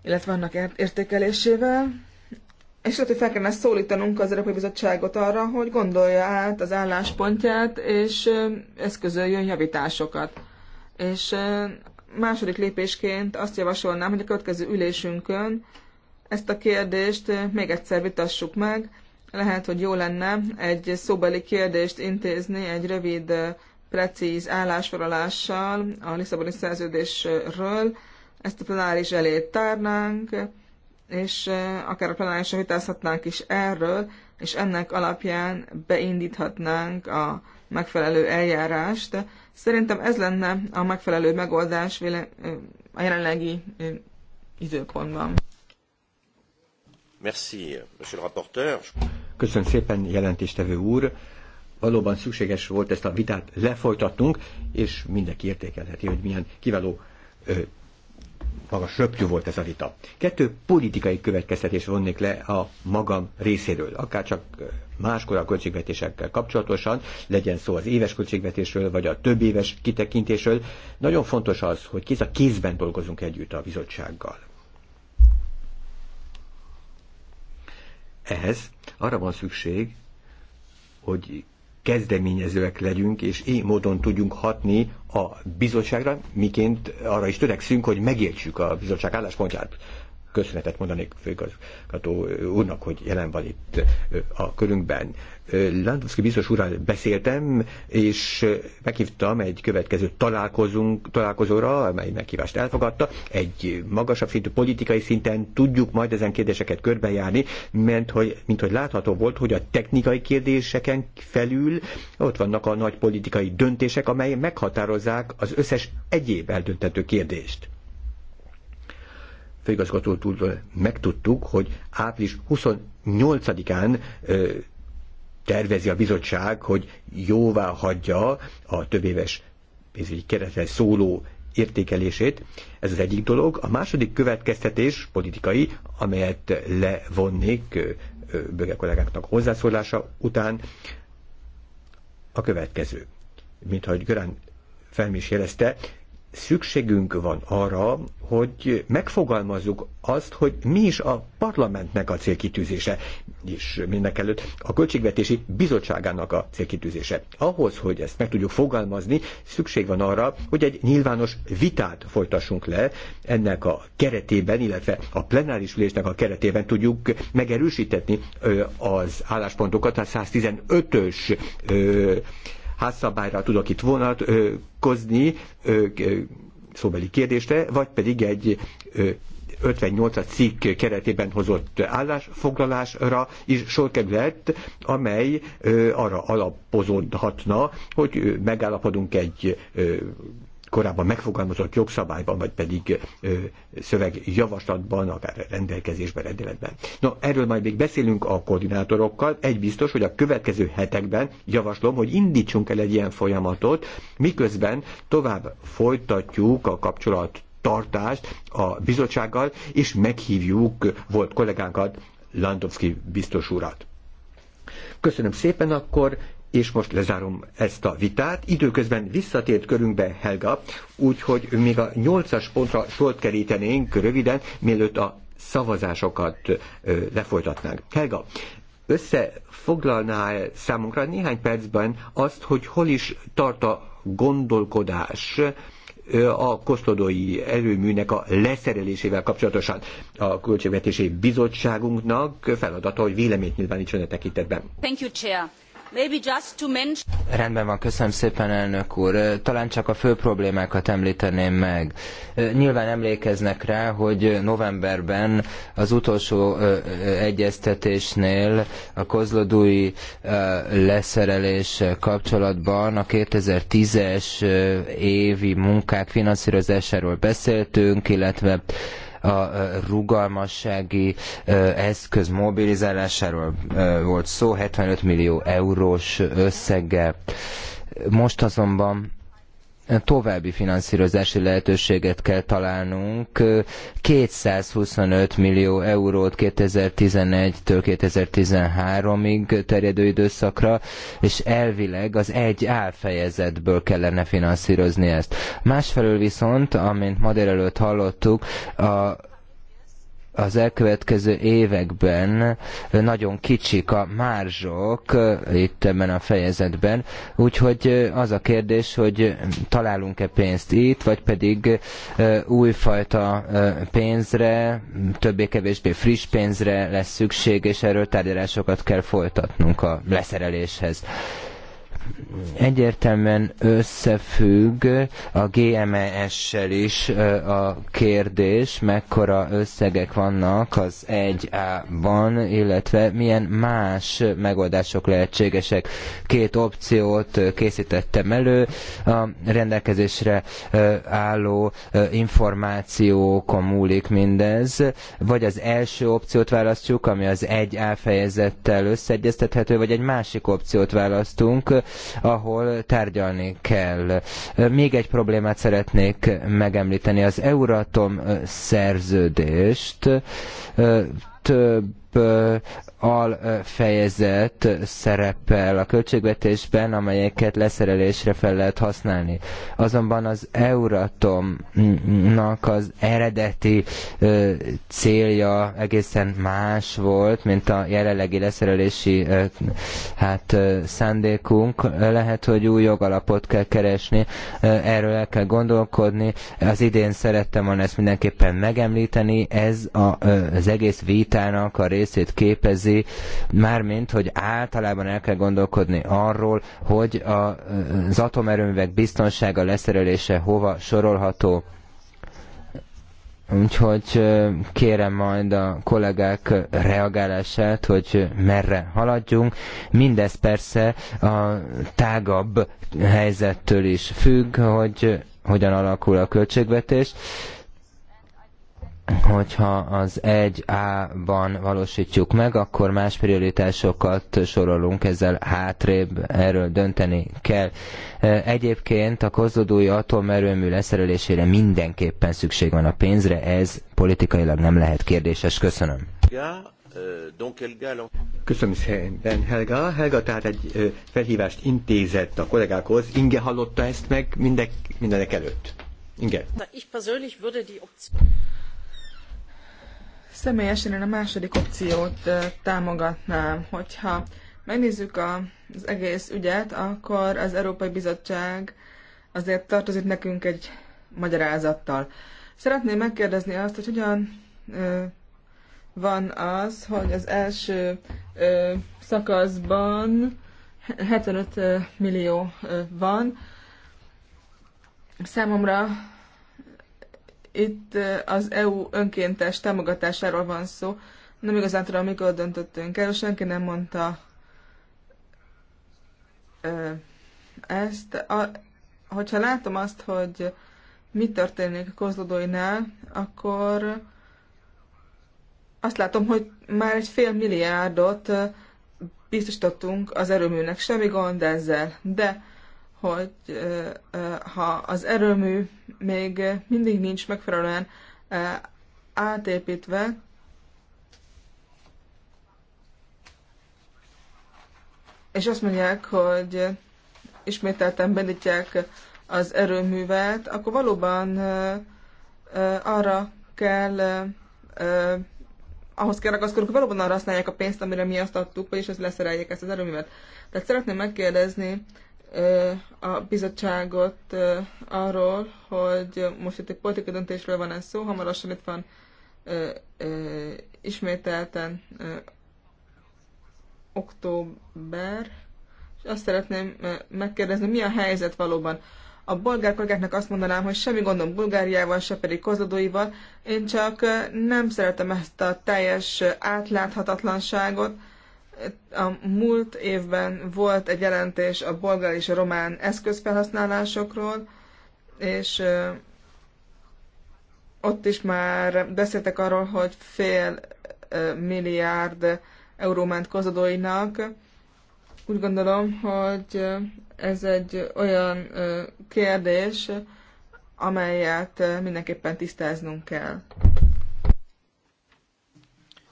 illetve annak értékelésével és lehet, hogy fel kellene szólítanunk az Európai Bizottságot arra, hogy gondolja át az álláspontját, és eszközöljön javításokat. És második lépésként azt javasolnám, hogy a következő ülésünkön ezt a kérdést még egyszer vitassuk meg. Lehet, hogy jó lenne egy szóbeli kérdést intézni egy rövid, precíz állásfoglalással a Lisszaboni szerződésről. Ezt a plenáris elé tárnánk, és akár a plenárisra vitázhatnánk is erről, és ennek alapján beindíthatnánk a megfelelő eljárást. Szerintem ez lenne a megfelelő megoldás a jelenlegi időpontban. Merci, monsieur le rapporteur.
Köszönöm szépen, jelentéstevő úr. Valóban szükséges volt ezt a vitát lefolytatnunk, és mindenki értékelheti, hogy milyen kiváló maga söptyű volt ez a vita. Kettő politikai következtetés vonnék le a magam részéről, akár csak máskor a költségvetésekkel kapcsolatosan, legyen szó az éves költségvetésről, vagy a több éves kitekintésről. Nagyon fontos az, hogy kéz a kézben dolgozunk együtt a bizottsággal. Ehhez arra van szükség, hogy kezdeményezőek legyünk, és így módon tudjunk hatni a bizottságra, miként arra is törekszünk, hogy megértsük a bizottság álláspontját. Köszönetet mondanék főigazgató úrnak, hogy jelen van itt a körünkben. Landowski biztos úrral beszéltem, és meghívtam egy következő találkozunk, találkozóra, amely meghívást elfogadta. Egy magasabb szintű politikai szinten tudjuk majd ezen kérdéseket körbejárni, mert hogy, mint hogy látható volt, hogy a technikai kérdéseken felül ott vannak a nagy politikai döntések, amely meghatározzák az összes egyéb eldöntető kérdést főigazgatótól megtudtuk, hogy április 28-án tervezi a bizottság, hogy jóvá hagyja a többéves pénzügyi keretre szóló értékelését. Ez az egyik dolog. A második következtetés politikai, amelyet levonnék bőge kollégáknak hozzászólása után, a következő. Mint ahogy Görán Felmés jelezte, szükségünk van arra, hogy megfogalmazzuk azt, hogy mi is a parlamentnek a célkitűzése, és mindenek előtt a Költségvetési Bizottságának a célkitűzése. Ahhoz, hogy ezt meg tudjuk fogalmazni, szükség van arra, hogy egy nyilvános vitát folytassunk le, ennek a keretében, illetve a plenáris ülésnek a keretében tudjuk megerősíteni az álláspontokat a 115-ös házszabályra tudok itt vonatkozni, szóbeli kérdésre, vagy pedig egy 58 cikk keretében hozott állásfoglalásra is sor kerülhet, amely arra alapozódhatna, hogy megállapodunk egy korábban megfogalmazott jogszabályban, vagy pedig ö, szövegjavaslatban, akár rendelkezésben, rendeletben. Na, erről majd még beszélünk a koordinátorokkal. Egy biztos, hogy a következő hetekben javaslom, hogy indítsunk el egy ilyen folyamatot, miközben tovább folytatjuk a kapcsolat tartást a bizottsággal, és meghívjuk volt kollégánkat, Landowski biztos urat. Köszönöm szépen, akkor és most lezárom ezt a vitát. Időközben visszatért körünkbe Helga, úgyhogy még a nyolcas pontra sort kerítenénk röviden, mielőtt a szavazásokat ö, lefolytatnánk. Helga, összefoglalná számunkra néhány percben azt, hogy hol is tart a gondolkodás a kosztodói erőműnek a leszerelésével kapcsolatosan a Költségvetési Bizottságunknak feladata, hogy véleményt
nyilvánítson a e tekintetben.
Thank you, Chair.
Rendben van, köszönöm szépen, elnök úr. Talán csak a fő problémákat említeném meg. Nyilván emlékeznek rá, hogy novemberben az utolsó egyeztetésnél a kozlodúi leszerelés kapcsolatban a 2010-es évi munkák finanszírozásáról beszéltünk, illetve a rugalmassági eszköz mobilizálásáról volt szó, 75 millió eurós összeggel. Most azonban további finanszírozási lehetőséget kell találnunk. 225 millió eurót 2011-től 2013-ig terjedő időszakra, és elvileg az egy A fejezetből kellene finanszírozni ezt. Másfelől viszont, amint ma délelőtt hallottuk, a az elkövetkező években nagyon kicsik a márzsok itt ebben a fejezetben, úgyhogy az a kérdés, hogy találunk-e pénzt itt, vagy pedig újfajta pénzre, többé-kevésbé friss pénzre lesz szükség, és erről tárgyalásokat kell folytatnunk a leszereléshez egyértelműen összefügg a GMES-sel is a kérdés, mekkora összegek vannak az 1A-ban, illetve milyen más megoldások lehetségesek. Két opciót készítettem elő, a rendelkezésre álló információkon múlik mindez, vagy az első opciót választjuk, ami az 1A fejezettel összeegyeztethető, vagy egy másik opciót választunk, ahol tárgyalni kell. Még egy problémát szeretnék megemlíteni. Az Euratom szerződést több alfejezet szerepel a költségvetésben, amelyeket leszerelésre fel lehet használni. Azonban az Euratomnak az eredeti célja egészen más volt, mint a jelenlegi leszerelési hát, szándékunk. Lehet, hogy új jogalapot kell keresni, erről el kell gondolkodni. Az idén szerettem volna ezt mindenképpen megemlíteni, ez a, az egész vitának a részét képezi érzi, mármint, hogy általában el kell gondolkodni arról, hogy a, az atomerőművek biztonsága leszerelése hova sorolható. Úgyhogy kérem majd a kollégák reagálását, hogy merre haladjunk. Mindez persze a tágabb helyzettől is függ, hogy hogyan alakul a költségvetés hogyha az 1A-ban valósítjuk meg, akkor más prioritásokat sorolunk, ezzel hátrébb erről dönteni kell. Egyébként a kozdodói atomerőmű leszerelésére mindenképpen szükség van a pénzre, ez politikailag nem lehet kérdéses. Köszönöm.
Köszönöm szépen, Helga. Helga tehát egy felhívást intézett a kollégákhoz. Inge hallotta ezt meg mindek, mindenek előtt. Inge.
Személyesen én a második opciót támogatnám, hogyha megnézzük az egész ügyet, akkor az Európai Bizottság azért tartozik nekünk egy magyarázattal. Szeretném megkérdezni azt, hogy hogyan van az, hogy az első szakaszban 75 millió van. Számomra itt az EU önkéntes támogatásáról van szó. Nem igazán tudom, mikor döntöttünk el, senki nem mondta ezt. A, hogyha látom azt, hogy mi történik a kozlodóinál, akkor azt látom, hogy már egy fél milliárdot biztosítottunk az erőműnek, semmi gond ezzel. De hogy ha az erőmű még mindig nincs megfelelően átépítve, és azt mondják, hogy ismételten benítják az erőművet, akkor valóban arra kell, ahhoz kell ragaszkodni, hogy valóban arra használják a pénzt, amire mi azt adtuk, vagyis ezt leszereljék ezt az erőművet. Tehát szeretném megkérdezni a bizottságot arról, hogy most itt egy politikai döntésről van ez szó, hamarosan itt van ismételten október, és azt szeretném megkérdezni, mi a helyzet valóban. A bolgár kollégáknak azt mondanám, hogy semmi gondom Bulgáriával, se pedig kozlodóival, én csak nem szeretem ezt a teljes átláthatatlanságot, a múlt évben volt egy jelentés a bolgár és a román eszközfelhasználásokról, és ott is már beszéltek arról, hogy fél milliárd euró ment kozadóinak. Úgy gondolom, hogy ez egy olyan kérdés, amelyet mindenképpen tisztáznunk kell.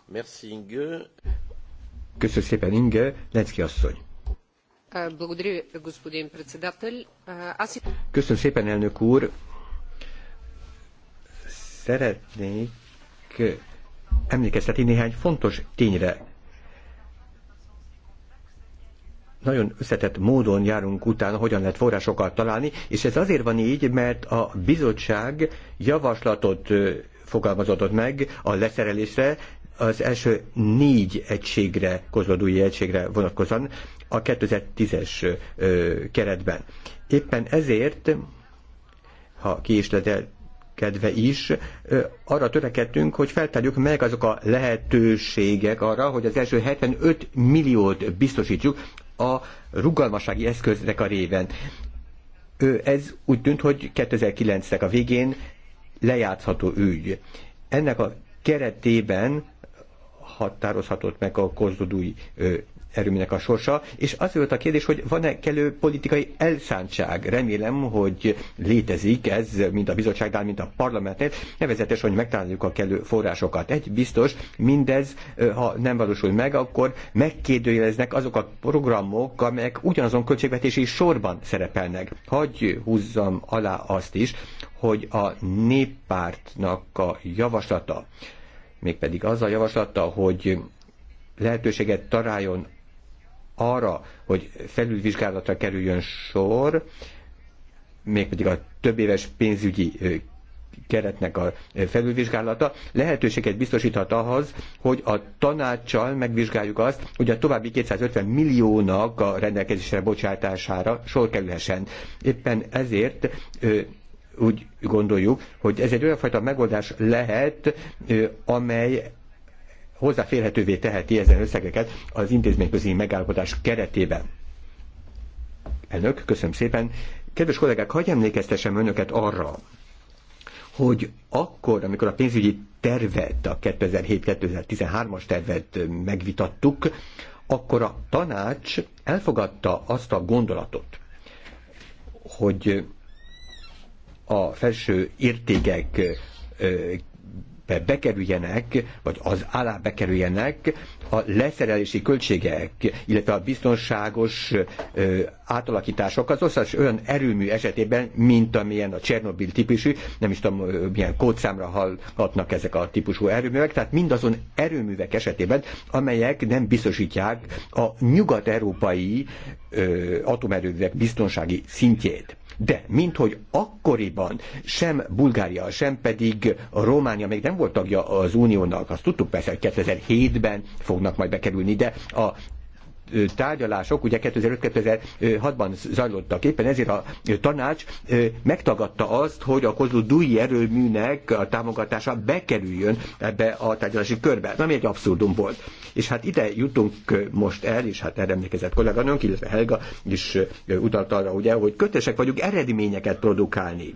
Merci Inge. Köszönöm szépen, Inge, Lenszki asszony. Köszönöm szépen, elnök úr. Szeretnék emlékeztetni néhány fontos tényre. Nagyon összetett módon járunk utána, hogyan lehet forrásokat találni, és ez azért van így, mert a bizottság javaslatot fogalmazott meg a leszerelésre, az első négy egységre, kozlodói egységre vonatkozóan a 2010-es keretben. Éppen ezért, ha ki is lehet kedve is, arra törekedtünk, hogy feltárjuk meg azok a lehetőségek arra, hogy az első 75 milliót biztosítsuk a rugalmasági eszköznek a réven. Ez úgy tűnt, hogy 2009-nek a végén lejátszható ügy. Ennek a keretében határozhatott meg a kozdodúi erőműnek a sorsa, és az volt a kérdés, hogy van-e kellő politikai elszántság. Remélem, hogy létezik ez, mind a bizottságnál, mind a parlamentnél, nevezetes, hogy megtaláljuk a kellő forrásokat. Egy biztos, mindez, ha nem valósul meg, akkor megkérdőjeleznek azok a programok, amelyek ugyanazon költségvetési sorban szerepelnek. Hagy húzzam alá azt is, hogy a néppártnak a javaslata, mégpedig az a javaslata, hogy lehetőséget találjon arra, hogy felülvizsgálatra kerüljön sor, mégpedig a több éves pénzügyi keretnek a felülvizsgálata lehetőséget biztosíthat ahhoz, hogy a tanácssal megvizsgáljuk azt, hogy a további 250 milliónak a rendelkezésre bocsátására sor kerülhessen. Éppen ezért úgy gondoljuk, hogy ez egy olyan fajta megoldás lehet, amely hozzáférhetővé teheti ezen összegeket az intézményközi megállapodás keretében. Elnök, köszönöm szépen. Kedves kollégák, hagyj emlékeztessem önöket arra, hogy akkor, amikor a pénzügyi tervet, a 2007-2013-as tervet megvitattuk, akkor a tanács elfogadta azt a gondolatot, hogy a felső értékek bekerüljenek, vagy az alá bekerüljenek a leszerelési költségek, illetve a biztonságos ö, átalakítások az összes olyan erőmű esetében, mint amilyen a Csernobil típusú, nem is tudom, milyen kódszámra hallhatnak ezek a típusú erőművek, tehát mindazon erőművek esetében, amelyek nem biztosítják a nyugat-európai atomerőművek biztonsági szintjét. De minthogy akkoriban sem Bulgária, sem pedig Románia még nem volt tagja az uniónak, azt tudtuk persze, hogy 2007-ben fognak majd bekerülni, de a tárgyalások ugye 2005-2006-ban zajlottak. Éppen ezért a tanács megtagadta azt, hogy a kozlodúi erőműnek a támogatása bekerüljön ebbe a tárgyalási körbe. Ez ami egy abszurdum volt. És hát ide jutunk most el, és hát erre emlékezett kolléganőnk, illetve Helga is utalt arra, ugye, hogy kötesek vagyunk eredményeket produkálni.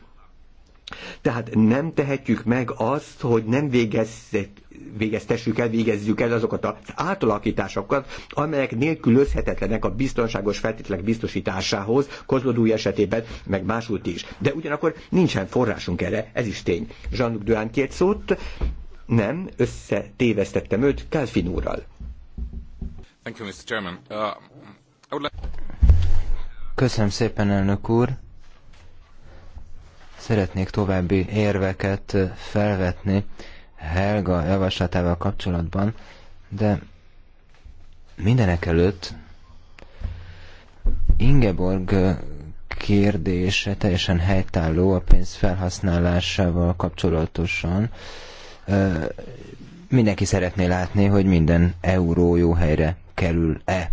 Tehát nem tehetjük meg azt, hogy nem végeztek, végeztessük el, végezzük el azokat az átalakításokat, amelyek nélkülözhetetlenek a biztonságos feltételek biztosításához, Kozlodúj esetében, meg másút is. De ugyanakkor nincsen forrásunk erre, ez is tény. Jean-Luc Duán két szót, nem, összetévesztettem őt Kelfin úrral.
Uh, Köszönöm szépen, elnök úr. Szeretnék további érveket felvetni Helga javaslatával kapcsolatban, de mindenek előtt Ingeborg kérdése teljesen helytálló a pénz felhasználásával kapcsolatosan. Mindenki szeretné látni, hogy minden euró jó helyre kerül-e.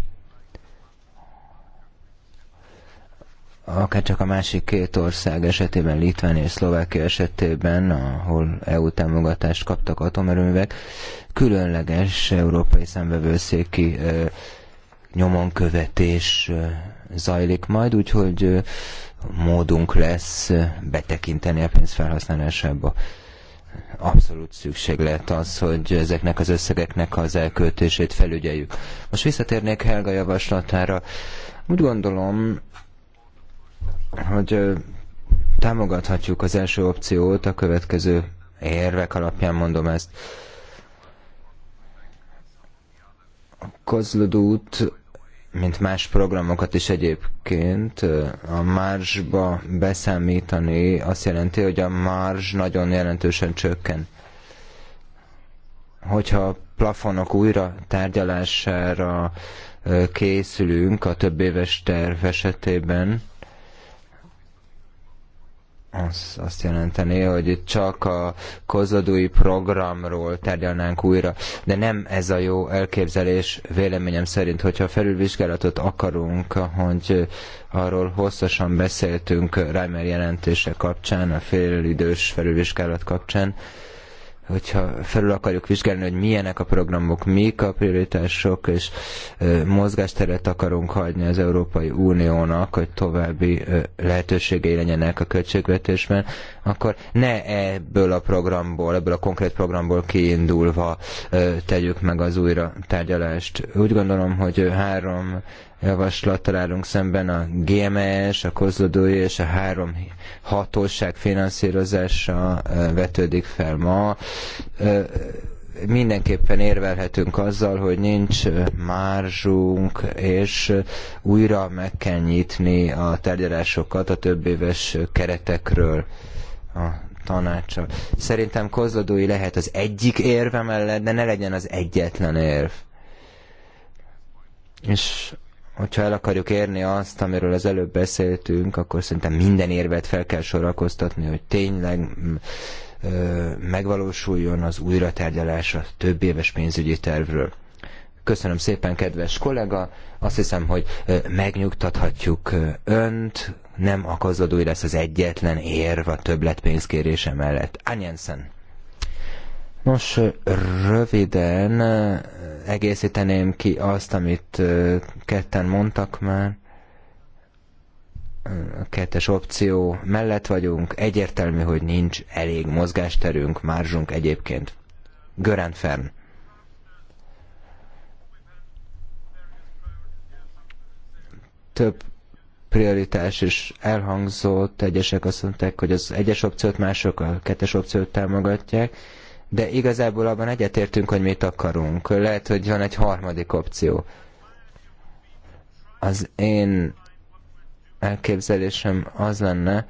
akár csak a másik két ország esetében, Litvánia és Szlovákia esetében, ahol EU támogatást kaptak atomerőművek, különleges európai szembevőszéki nyomonkövetés zajlik majd, úgyhogy módunk lesz betekinteni a pénz felhasználásába. Abszolút szükséglet az, hogy ezeknek az összegeknek az elköltését felügyeljük. Most visszatérnék Helga javaslatára. Úgy gondolom, hogy támogathatjuk az első opciót, a következő érvek alapján mondom ezt. A Kozlodút, mint más programokat is egyébként, a marsba beszámítani azt jelenti, hogy a mars nagyon jelentősen csökken. Hogyha a plafonok újra tárgyalására készülünk a több éves terv esetében, az azt jelenteni, hogy itt csak a kozladói programról tárgyalnánk újra, de nem ez a jó elképzelés véleményem szerint, hogyha felülvizsgálatot akarunk, hogy arról hosszasan beszéltünk Reimer jelentése kapcsán, a félidős felülvizsgálat kapcsán, hogyha felül akarjuk vizsgálni, hogy milyenek a programok, mik a prioritások, és mozgásteret akarunk hagyni az Európai Uniónak, hogy további lehetőségei legyenek a költségvetésben, akkor ne ebből a programból, ebből a konkrét programból kiindulva tegyük meg az újra tárgyalást. Úgy gondolom, hogy három javaslattal szemben a GMS, a kozlodói és a három hatóság finanszírozása vetődik fel ma. Mindenképpen érvelhetünk azzal, hogy nincs márzsunk, és újra meg kell nyitni a tárgyalásokat a éves keretekről a tanácsa. Szerintem kozlodói lehet az egyik érve mellett, de ne legyen az egyetlen érv. És hogyha el akarjuk érni azt, amiről az előbb beszéltünk, akkor szerintem minden érvet fel kell sorakoztatni, hogy tényleg mm, ö, megvalósuljon az újratárgyalás a több éves pénzügyi tervről. Köszönöm szépen, kedves kollega. Azt hiszem, hogy megnyugtathatjuk önt. Nem akazadó lesz az egyetlen érv a többletpénzkérése mellett. Anjensen. Nos, röviden egészíteném ki azt, amit ketten mondtak már. A kettes opció mellett vagyunk, egyértelmű, hogy nincs elég mozgásterünk, márzsunk egyébként. Gören Fern. Több prioritás is elhangzott, egyesek azt mondták, hogy az egyes opciót mások a kettes opciót támogatják de igazából abban egyetértünk, hogy mit akarunk. Lehet, hogy van egy harmadik opció. Az én elképzelésem az lenne,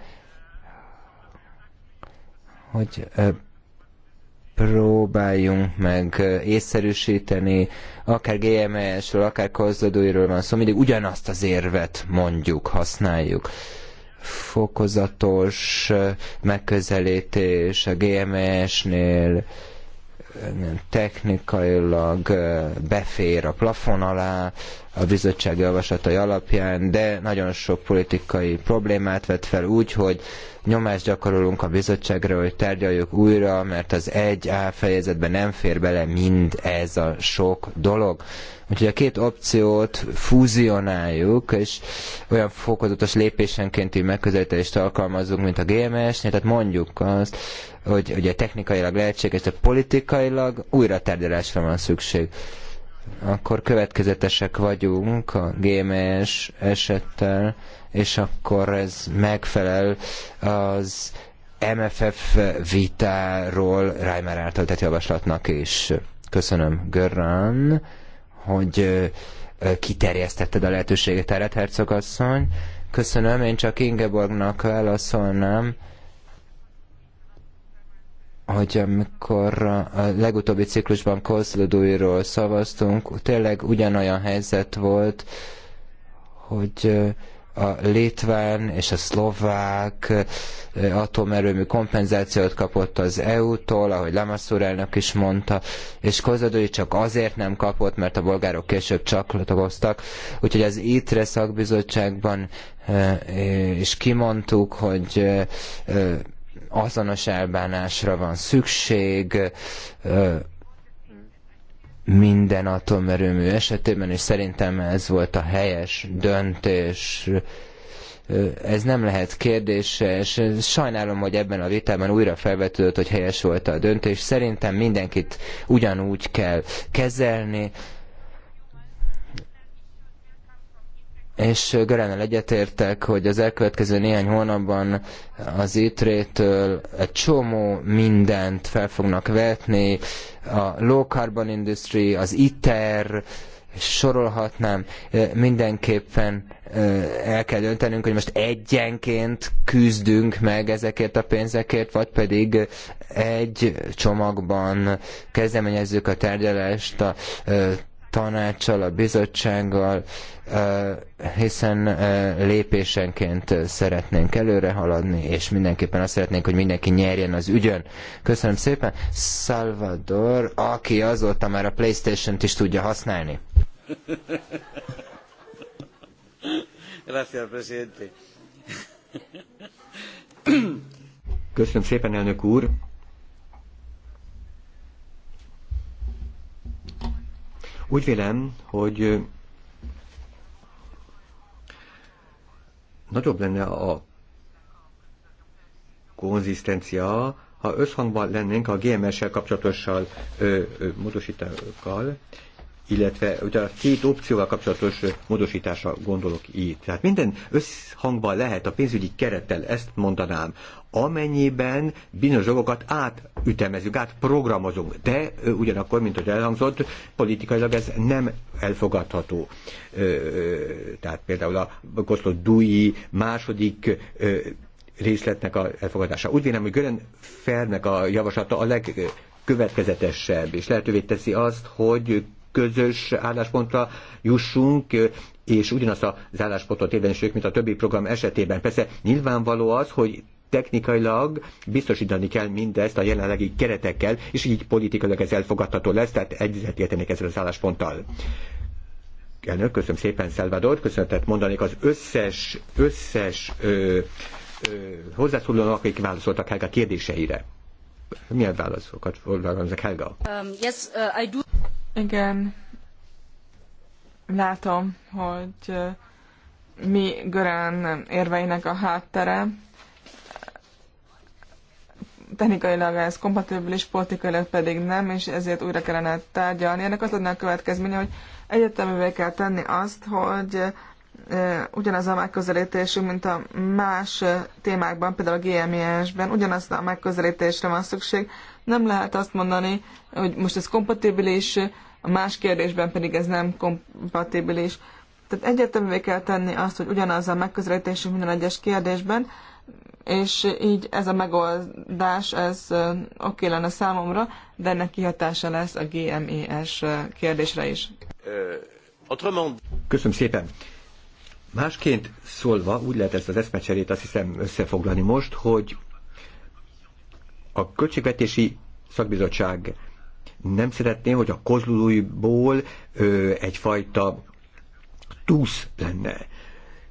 hogy próbáljunk meg észszerűsíteni, akár GMS-ről, e akár kozlodóiról van szó, mindig ugyanazt az érvet mondjuk, használjuk fokozatos megközelítés a GMS-nél, technikailag befér a plafon alá a bizottság javaslatai alapján, de nagyon sok politikai problémát vet fel úgy, hogy nyomást gyakorolunk a bizottságra, hogy tárgyaljuk újra, mert az egy a fejezetben nem fér bele mind ez a sok dolog. Úgyhogy a két opciót fúzionáljuk, és olyan fokozatos lépésenkénti megközelítést alkalmazunk, mint a GMS-nél, tehát mondjuk azt, hogy ugye technikailag lehetséges, de politikailag újra tárgyalásra van szükség. Akkor következetesek vagyunk a GMS esettel, és akkor ez megfelel az MFF vitáról Reimer által tett javaslatnak is. Köszönöm, Görran, hogy kiterjesztetted a lehetőséget erre, hercogasszony. Köszönöm, én csak Ingeborgnak válaszolnám hogy amikor a legutóbbi ciklusban Kozlodújról szavaztunk, tényleg ugyanolyan helyzet volt, hogy a litván és a szlovák atomerőmű kompenzációt kapott az EU-tól, ahogy Lamassur elnök is mondta, és Kozadói csak azért nem kapott, mert a bolgárok később csatlakoztak. Úgyhogy az ITRE szakbizottságban is kimondtuk, hogy azonos elbánásra van szükség minden atomerőmű esetében, és szerintem ez volt a helyes döntés ez nem lehet kérdéses. Sajnálom, hogy ebben a vitában újra felvetődött, hogy helyes volt a döntés. Szerintem mindenkit ugyanúgy kell kezelni, és Görennel egyetértek, hogy az elkövetkező néhány hónapban az étrétől egy csomó mindent fel fognak vetni, a low carbon industry, az ITER, sorolhatnám, mindenképpen el kell döntenünk, hogy most egyenként küzdünk meg ezekért a pénzekért, vagy pedig egy csomagban kezdeményezzük a tárgyalást a tanácssal, a bizottsággal, hiszen lépésenként szeretnénk előre haladni, és mindenképpen azt szeretnénk, hogy mindenki nyerjen az ügyön. Köszönöm szépen. Salvador, aki azóta már a Playstation-t is tudja használni.
presidente. Köszönöm szépen, elnök úr. Úgy vélem, hogy nagyobb lenne a konzisztencia, ha összhangban lennénk a GMS-sel kapcsolatossal módosítókkal, illetve ugye a két opcióval kapcsolatos módosítása gondolok itt. Tehát minden összhangban lehet a pénzügyi kerettel, ezt mondanám, amennyiben bizonyos dolgokat átütemezünk, átprogramozunk, de ugyanakkor, mint hogy elhangzott, politikailag ez nem elfogadható. Tehát például a Koszló Dui második részletnek a elfogadása. Úgy vélem, hogy Gören Fernek a javaslata a leg következetesebb, és lehetővé teszi azt, hogy közös álláspontra jussunk, és ugyanazt az álláspontot érvényesüljük, mint a többi program esetében. Persze nyilvánvaló az, hogy technikailag biztosítani kell mindezt a jelenlegi keretekkel, és így politikailag ez elfogadható lesz, tehát értenék ezzel az állásponttal. Elnök, köszönöm szépen, Szelvador, köszönetet mondanék az összes, összes ö, ö, hozzászólónak, akik válaszoltak Helga kérdéseire. Milyen válaszokat fogalmaznak
Helga? Um, yes, uh, I do. Igen, látom, hogy mi Görán érveinek a háttere. Technikailag ez kompatibilis, politikailag pedig nem, és ezért újra kellene tárgyalni. Ennek az lenne a következménye, hogy egyeteművé kell tenni azt, hogy ugyanaz a megközelítésünk, mint a más témákban, például a gms ben ugyanaz a megközelítésre van szükség, nem lehet azt mondani, hogy most ez kompatibilis, a más kérdésben pedig ez nem kompatibilis. Tehát egyértelművé kell tenni azt, hogy ugyanaz a megközelítésünk minden egyes kérdésben, és így ez a megoldás, ez oké okay lenne számomra, de ennek kihatása lesz a GMES kérdésre is.
Köszönöm szépen! Másként szólva, úgy lehet ezt az eszmecserét azt hiszem összefoglalni most, hogy a Költségvetési Szakbizottság nem szeretné, hogy a kozlulóiból ö, egyfajta túsz lenne.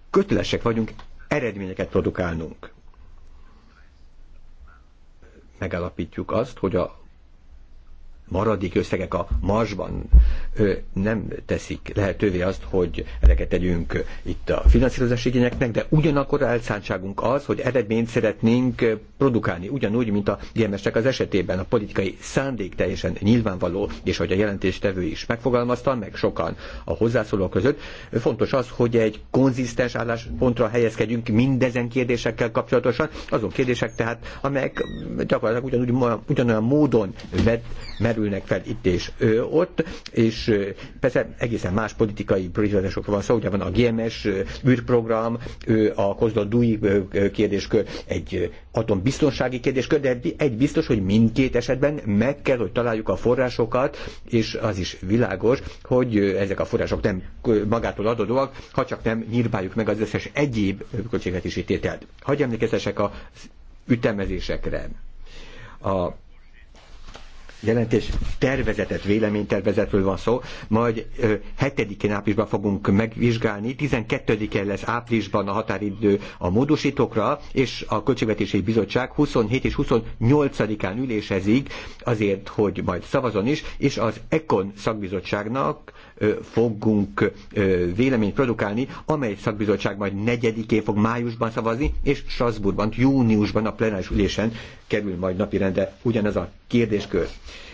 Kötelesek vagyunk eredményeket produkálnunk. Megállapítjuk azt, hogy a maradék összegek a marsban nem teszik lehetővé azt, hogy ezeket tegyünk itt a finanszírozási igényeknek, de ugyanakkor elszántságunk az, hogy eredményt szeretnénk produkálni, ugyanúgy, mint a gms az esetében. A politikai szándék teljesen nyilvánvaló, és hogy a jelentéstevő is megfogalmazta, meg sokan a hozzászólók között, fontos az, hogy egy konzisztens álláspontra helyezkedjünk mindezen kérdésekkel kapcsolatosan, azon kérdések tehát, amelyek gyakorlatilag ugyanúgy, ugyanolyan módon vet, merülnek fel itt és ö, ott, és ö, persze egészen más politikai prioritásokról van szó, ugye van a GMS űrprogram, ö, a Dui kérdéskör, egy atombiztonsági kérdéskör, de egy biztos, hogy mindkét esetben meg kell, hogy találjuk a forrásokat, és az is világos, hogy ezek a források nem magától adódóak, ha csak nem nyírbáljuk meg az összes egyéb költségvetési tételt. Hagyj emlékezzesek az ütemezésekre. A jelentés tervezetet, véleménytervezetről van szó, majd 7-én áprilisban fogunk megvizsgálni, 12-én lesz áprilisban a határidő a módosítókra, és a Költségvetési Bizottság 27 és 28-án ülésezik azért, hogy majd szavazon is, és az ECON szakbizottságnak fogunk véleményt produkálni, amely szakbizottság majd negyedikén fog májusban szavazni, és Strasbourgban, júniusban a plenáris ülésen kerül majd napirendre ugyanez a kérdéskör.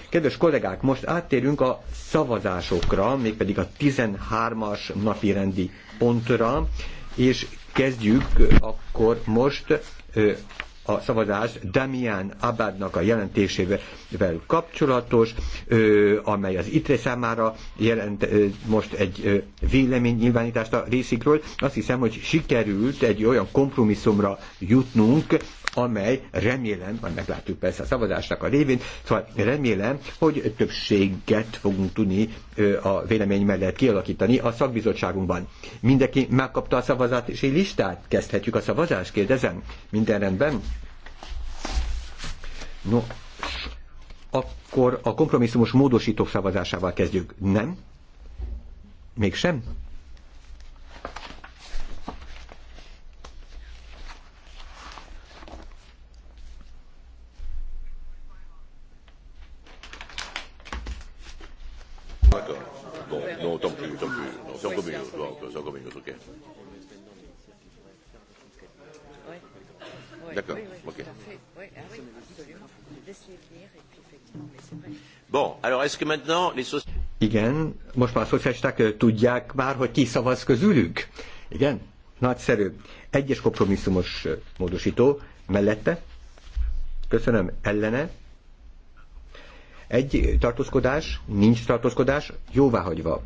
Kedves kollégák, most áttérünk a szavazásokra, mégpedig a 13-as napirendi pontra, és kezdjük akkor most a szavazás Damian Abadnak a jelentésével kapcsolatos, amely az ITRE számára jelent most egy nyilvánítást a részikről. Azt hiszem, hogy sikerült egy olyan kompromisszumra jutnunk, amely remélem, majd meglátjuk persze a szavazásnak a révén, szóval remélem, hogy többséget fogunk tudni a vélemény mellett kialakítani a szakbizottságunkban. Mindenki megkapta a szavazási listát? Kezdhetjük a szavazást? Kérdezem. Minden rendben? No, akkor a kompromisszumos módosítók szavazásával kezdjük. Nem? Mégsem? Bon, alors est-ce que maintenant les Igen, most már a szocialisták tudják már, hogy ki szavaz közülük. Igen, nagyszerű. Egyes kompromisszumos módosító mellette. Köszönöm, ellene. Egy tartózkodás, nincs tartózkodás, jóváhagyva.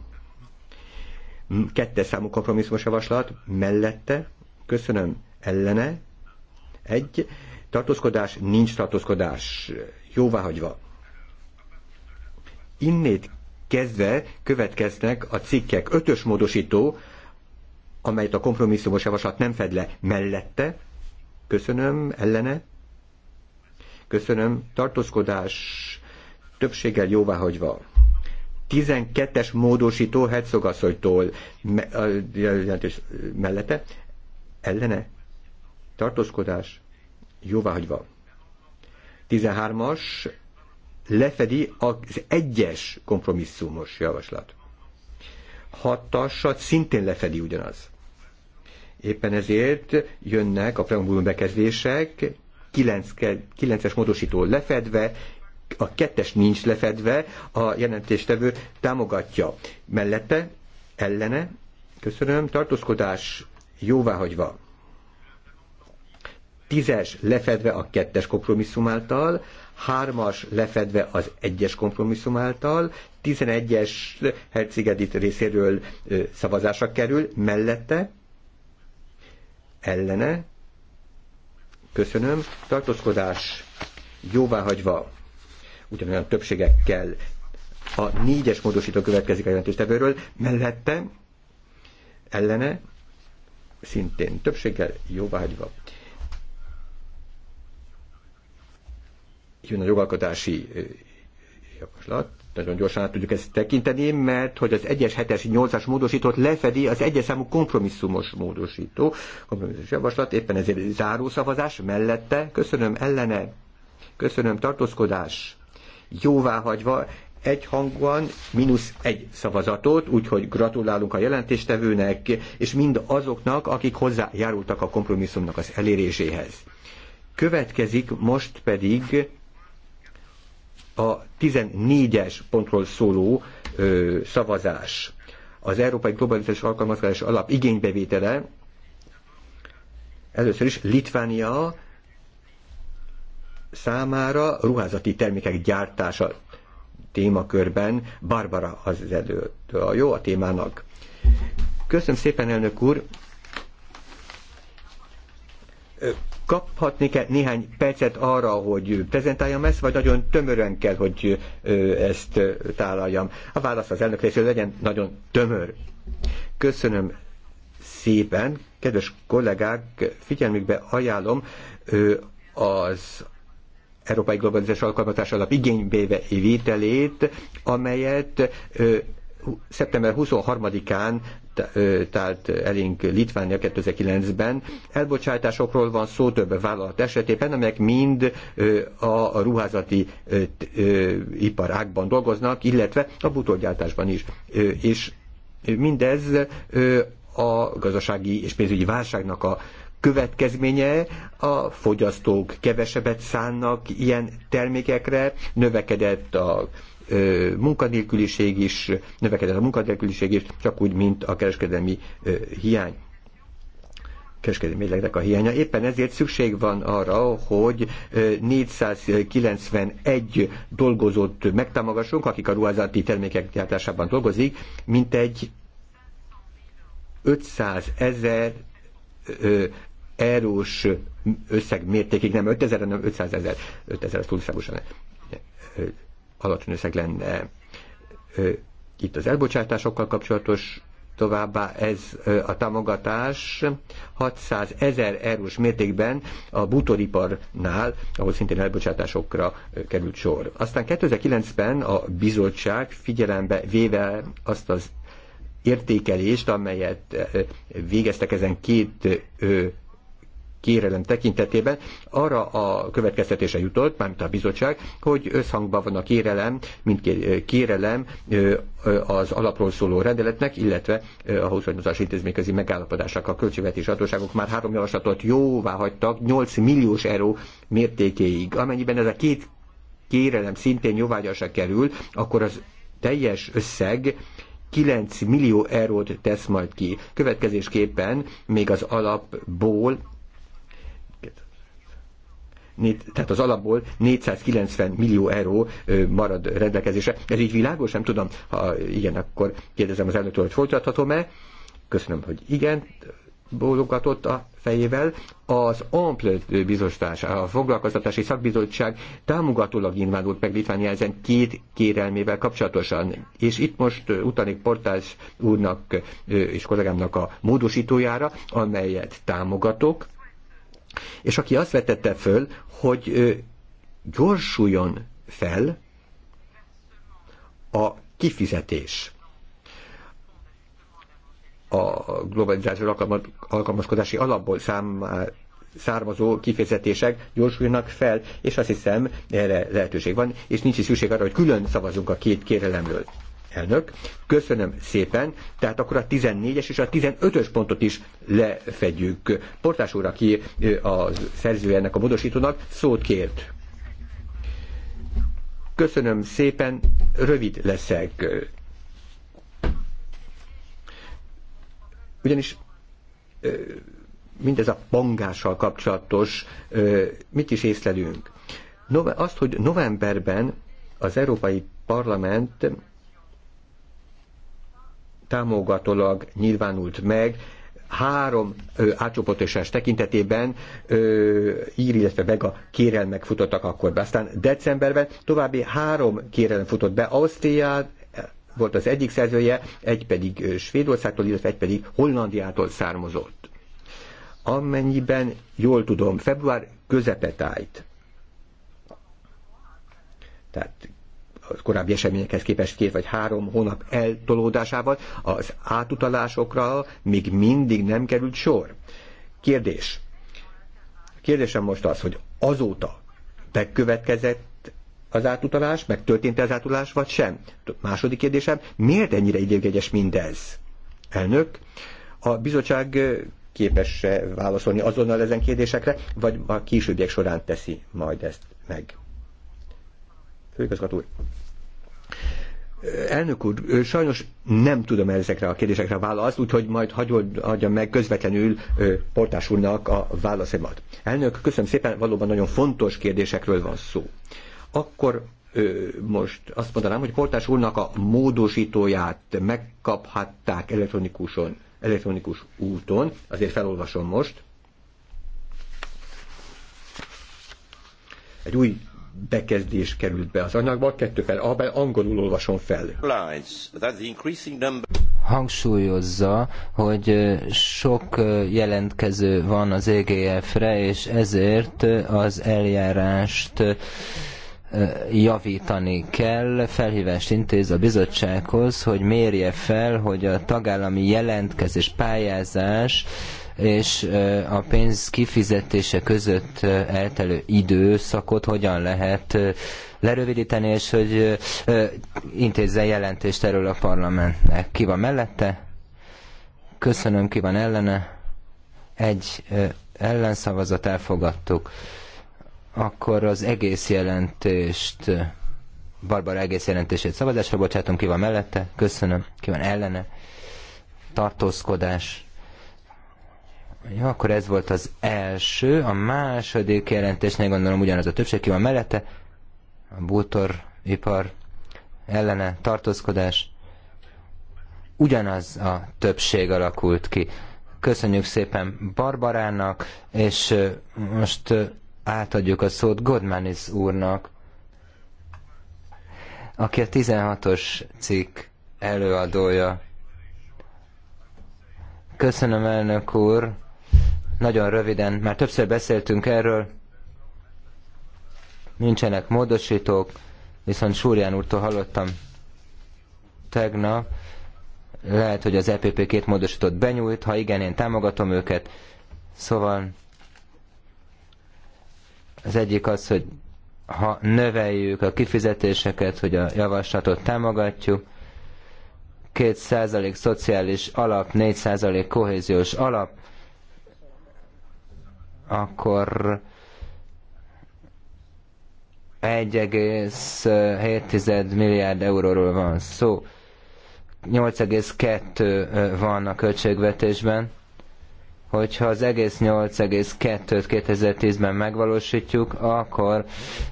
Kettes számú kompromisszumos javaslat, mellette, köszönöm, ellene. Egy tartózkodás, nincs tartózkodás, jóváhagyva. Innét kezdve következnek a cikkek. Ötös módosító, amelyet a kompromisszumos javaslat nem fed le mellette. Köszönöm, ellene. Köszönöm, tartózkodás többséggel jóváhagyva. 12-es módosító hercogasszonytól me, jelentős mellette, ellene, tartózkodás, jóváhagyva. 13-as lefedi az egyes kompromisszumos javaslat. Hatassat szintén lefedi ugyanaz. Éppen ezért jönnek a preambulum bekezdések, 9-es módosító lefedve, a kettes nincs lefedve, a jelentéstevő támogatja. Mellette, ellene, köszönöm, tartózkodás jóváhagyva. Tízes lefedve a kettes kompromisszum által, hármas lefedve az egyes kompromisszum által, 11-es Hercegedit részéről szavazásra kerül, mellette, ellene, köszönöm, tartózkodás jóváhagyva ugyanolyan többségekkel a négyes módosító következik a jelentéstevőről, mellette, ellene, szintén többséggel jóváhagyva. jön a jogalkotási javaslat, nagyon gyorsan át tudjuk ezt tekinteni, mert hogy az 1-es, 7-es, 8-as módosítót lefedi az egyes számú kompromisszumos módosító, kompromisszumos javaslat, éppen ezért zárószavazás mellette, köszönöm ellene, köszönöm tartózkodás, jóváhagyva, egyhangúan mínusz egy szavazatot, úgyhogy gratulálunk a jelentéstevőnek, és mind azoknak, akik hozzájárultak a kompromisszumnak az eléréséhez. Következik most pedig a 14-es pontról szóló ö, szavazás. Az Európai Globalizációs Alkalmazkodás Alap igénybevétele először is Litvánia számára ruházati termékek gyártása témakörben. Barbara az előtt a jó a témának. Köszönöm szépen, elnök úr! Ö kaphatni kell néhány percet arra, hogy prezentáljam ezt, vagy nagyon tömören kell, hogy ezt tálaljam. A válasz az elnök részéről legyen nagyon tömör. Köszönöm szépen, kedves kollégák, figyelmükbe ajánlom az Európai Globalizás Alkalmazás Alap igénybéve vételét, amelyet szeptember 23-án tárt elénk Litvánia 2009-ben. Elbocsátásokról van szó több vállalat esetében, amelyek mind a ruházati iparákban dolgoznak, illetve a butolgyártásban is. És mindez a gazdasági és pénzügyi válságnak a következménye a fogyasztók kevesebbet szánnak ilyen termékekre, növekedett a munkanélküliség is, növekedett a munkanélküliség is, csak úgy, mint a kereskedelmi hiány kereskedelmi mérlegnek a hiánya. Éppen ezért szükség van arra, hogy 491 dolgozót megtámogassunk, akik a ruházati termékek gyártásában dolgozik, mint egy 500 ezer eurós összeg mértékig, nem 5000, hanem 500 ezer, 5000 az túlságosan alacsony összeg lenne. Itt az elbocsátásokkal kapcsolatos továbbá ez a támogatás 600 ezer eurós mértékben a bútoriparnál, ahol szintén elbocsátásokra került sor. Aztán 2009-ben a bizottság figyelembe véve azt az értékelést, amelyet végeztek ezen két kérelem tekintetében arra a következtetése jutott, mármint a bizottság, hogy összhangban van a kérelem, mint kérelem az alapról szóló rendeletnek, illetve a hozzányúzási intézményközi megállapodásnak a költségvetési hatóságok már három javaslatot jóvá hagytak 8 milliós euró mértékéig. Amennyiben ez a két kérelem szintén jóvágyásra kerül, akkor az teljes összeg 9 millió eurót tesz majd ki. Következésképpen még az alapból tehát az alapból 490 millió euró marad rendelkezésre. Ez így világos? Nem tudom. Ha igen, akkor kérdezem az elnöktől, hogy folytathatom-e. Köszönöm, hogy igen bólogatott a fejével, az Ample bizottság, a foglalkoztatási szakbizottság támogatólag nyilvánult meg Litvánia ezen két kérelmével kapcsolatosan. És itt most utalnék Portás úrnak és kollégámnak a módosítójára, amelyet támogatok, és aki azt vetette föl, hogy gyorsuljon fel a kifizetés a globalizáció alkalmazkodási alapból számára származó kifizetések gyorsuljanak fel, és azt hiszem erre lehetőség van, és nincs is szükség arra, hogy külön szavazunk a két kérelemről. Elnök, köszönöm szépen. Tehát akkor a 14-es és a 15-ös pontot is lefedjük. Portás úr, aki a szerző ennek a módosítónak, szót kért. Köszönöm szépen, rövid leszek. Ugyanis mindez a pangással kapcsolatos, mit is észlelünk? Azt, hogy novemberben az Európai Parlament támogatólag nyilvánult meg, három ö, átcsoportosás tekintetében ö, ír, illetve meg a kérelmek futottak akkor be. Aztán decemberben további három kérelem futott be, Ausztriát, volt az egyik szerzője, egy pedig Svédországtól, illetve egy pedig Hollandiától származott. Amennyiben jól tudom, február közepetájt, tehát korábbi eseményekhez képest két vagy három hónap eltolódásával az átutalásokra még mindig nem került sor. Kérdés. Kérdésem most az, hogy azóta bekövetkezett az átutalás, meg történt az átutalás, vagy sem? Második kérdésem, miért ennyire időgegyes mindez? Elnök, a bizottság képes válaszolni azonnal ezen kérdésekre, vagy a későbbiek során teszi majd ezt meg? Főigazgató úr. Elnök úr, sajnos nem tudom ezekre a kérdésekre választ, úgyhogy majd hagyjam meg közvetlenül Portás úrnak a válaszomat. Elnök, köszönöm szépen, valóban nagyon fontos kérdésekről van szó. Akkor most azt mondanám, hogy Portás úrnak a módosítóját megkaphatták elektronikuson, elektronikus úton, azért felolvasom most. Egy új bekezdés került be az anyagba, kettő fel, abban angolul olvasom fel.
Hangsúlyozza, hogy sok jelentkező van az EGF-re, és ezért az eljárást javítani kell, felhívást intéz a bizottsághoz, hogy mérje fel, hogy a tagállami jelentkezés, pályázás és a pénz kifizetése között eltelő időszakot hogyan lehet lerövidíteni, és hogy intézzen jelentést erről a parlamentnek. Ki van mellette? Köszönöm, ki van ellene? Egy ellenszavazat elfogadtuk. Akkor az egész jelentést, Barbara egész jelentését szavazásra bocsátom, ki van mellette? Köszönöm, ki van ellene? Tartózkodás Ja, akkor ez volt az első, a második jelentésnél gondolom ugyanaz a többség, ki van mellette, a bútoripar ellene tartózkodás, ugyanaz a többség alakult ki. Köszönjük szépen Barbarának, és most átadjuk a szót Godmanis úrnak, aki a 16-os cikk előadója. Köszönöm, elnök úr! Nagyon röviden, már többször beszéltünk erről, nincsenek módosítók, viszont Súrján úrtól hallottam tegnap, lehet, hogy az EPP két módosítót benyújt, ha igen, én támogatom őket, szóval az egyik az, hogy ha növeljük a kifizetéseket, hogy a javaslatot támogatjuk, 2% szociális alap, 4% kohéziós alap, akkor 1,7 milliárd euróról van szó. 8,2 van a költségvetésben. Hogyha az egész 8,2-t 2010-ben megvalósítjuk, akkor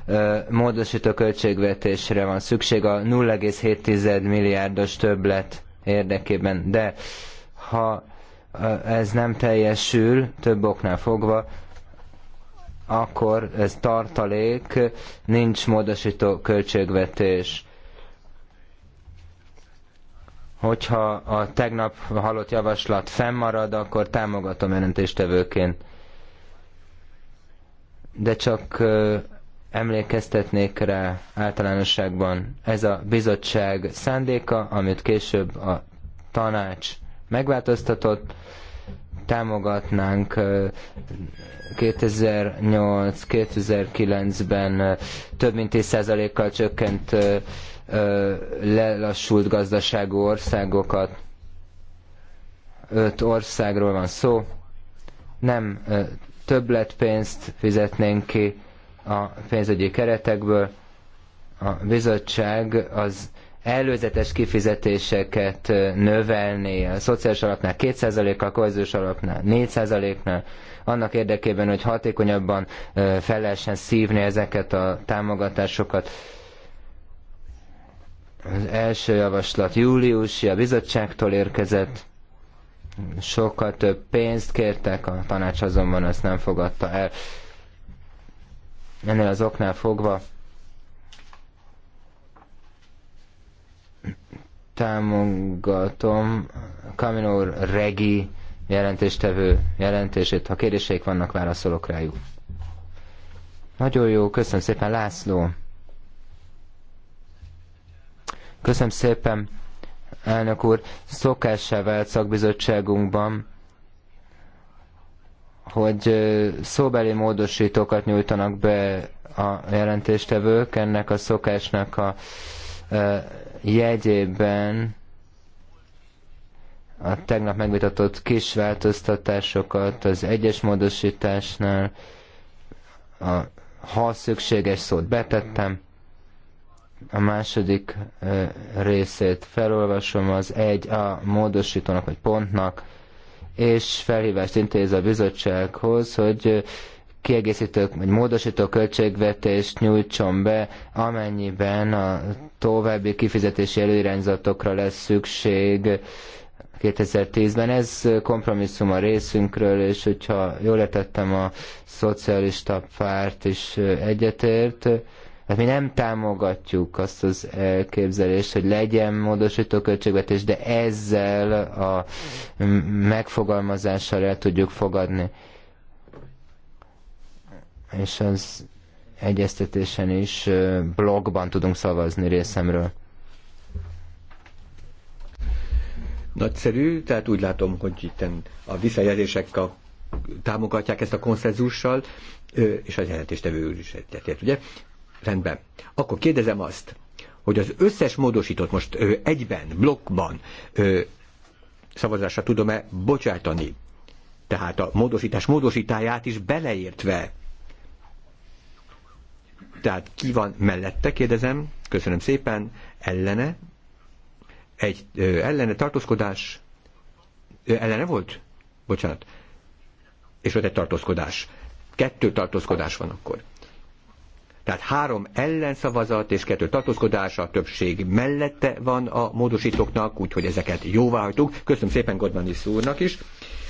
ö, módosító költségvetésre van szükség a 0,7 milliárdos többlet érdekében. De ha ez nem teljesül, több oknál fogva, akkor ez tartalék, nincs módosító költségvetés. Hogyha a tegnap halott javaslat fennmarad, akkor támogatom jelentéstevőként. De csak emlékeztetnék rá általánosságban ez a bizottság szándéka, amit később a tanács megváltoztatott, támogatnánk 2008-2009-ben több mint 10%-kal csökkent lelassult gazdaságú országokat. Öt országról van szó. Nem többletpénzt fizetnénk ki a pénzügyi keretekből. A bizottság az előzetes kifizetéseket növelni, a szociális alapnál 2%-kal, kohéziós alapnál 4%-nál, annak érdekében, hogy hatékonyabban fel lehessen szívni ezeket a támogatásokat. Az első javaslat júliusi a bizottságtól érkezett, sokkal több pénzt kértek, a tanács azonban ezt nem fogadta el. Ennél az oknál fogva támogatom Camino Regi jelentéstevő jelentését. Ha kérdéseik vannak, válaszolok rájuk. Nagyon jó, köszönöm szépen, László. Köszönöm szépen, elnök úr. Szokássá vált szakbizottságunkban, hogy szóbeli módosítókat nyújtanak be a jelentéstevők ennek a szokásnak a jegyében a tegnap megvitatott kis változtatásokat az egyes módosításnál, a, ha szükséges szót betettem, a második ö, részét felolvasom az egy a módosítónak vagy pontnak, és felhívást intéz a bizottsághoz, hogy ö, kiegészítő vagy módosító költségvetést nyújtson be, amennyiben a további kifizetési előirányzatokra lesz szükség 2010-ben. Ez kompromisszum a részünkről, és hogyha jól értettem, a szocialista párt is egyetért. Hát mi nem támogatjuk azt az elképzelést, hogy legyen módosító költségvetés, de ezzel a megfogalmazással el tudjuk fogadni és az egyeztetésen is blogban tudunk szavazni részemről. Nagyszerű, tehát úgy látom,
hogy itt a visszajelzések a, támogatják ezt a konszenzussal, és a jelentéstevő úr is egyetért, ugye? Rendben. Akkor kérdezem azt, hogy az összes módosított most ö, egyben, blokkban ö, szavazásra tudom-e bocsátani? Tehát a módosítás módosítáját is beleértve tehát ki van mellette, kérdezem, köszönöm szépen, ellene, egy ö, ellene tartózkodás, ö, ellene volt? Bocsánat. És ott egy tartózkodás. Kettő tartózkodás van akkor. Tehát három ellenszavazat és kettő tartózkodása a többség mellette van a módosítóknak, úgyhogy ezeket jóvá hagytuk. Köszönöm szépen Godmanis úrnak is.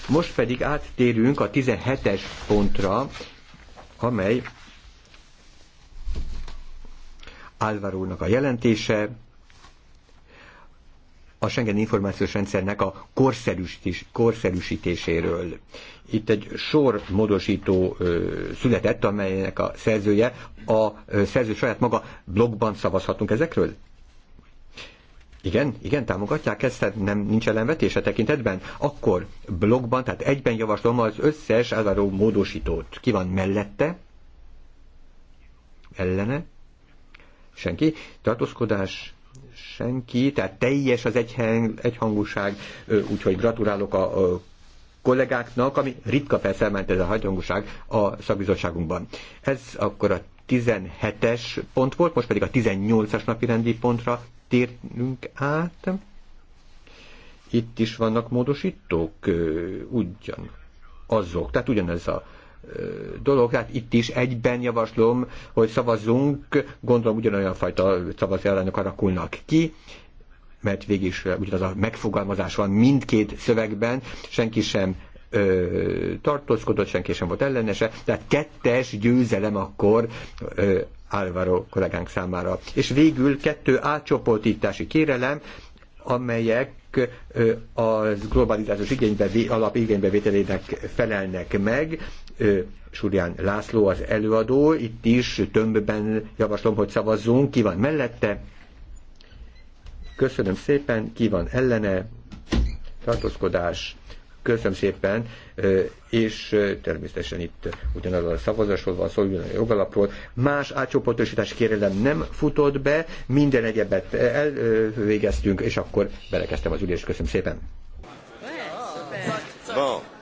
Most pedig áttérünk a 17-es pontra, amely Álvar úrnak a jelentése, a Schengen információs rendszernek a korszerűsítés, korszerűsítéséről. Itt egy sor módosító ö, született, amelynek a szerzője, a ö, szerző saját maga blogban szavazhatunk ezekről? Igen, igen, támogatják ezt, tehát nem nincs ellenvetése tekintetben? Akkor blogban, tehát egyben javaslom az összes állaró módosítót. Ki van mellette? Ellene? senki, tartózkodás, senki, tehát teljes az egyhang, egyhangúság, úgyhogy gratulálok a, a kollégáknak, ami ritka persze, ment ez a hagyhangúság a szakbizottságunkban. Ez akkor a 17-es pont volt, most pedig a 18-as napi rendi pontra térnünk át. Itt is vannak módosítók, ugyan azok, tehát ugyanez a dolog, tehát itt is egyben javaslom, hogy szavazzunk, gondolom ugyanolyan fajta szavazat ellenek alakulnak ki, mert végig is eh, ugyanaz a megfogalmazás van mindkét szövegben, senki sem ö, tartózkodott, senki sem volt ellenese, tehát kettes győzelem akkor ö, Álvaro kollégánk számára. És végül kettő átcsoportítási kérelem, amelyek az globalizációs igénybe, alap igénybevételének felelnek meg. Surján László az előadó, itt is tömbben javaslom, hogy szavazzunk, ki van mellette. Köszönöm szépen, ki van ellene, tartózkodás, köszönöm szépen, és természetesen itt ugyanaz a szavazásról van szó, a jogalapról. Más átcsoportosítási kérelem nem futott be, minden egyebet elvégeztünk, és akkor belekezdtem az ülést. Köszönöm szépen. Bon.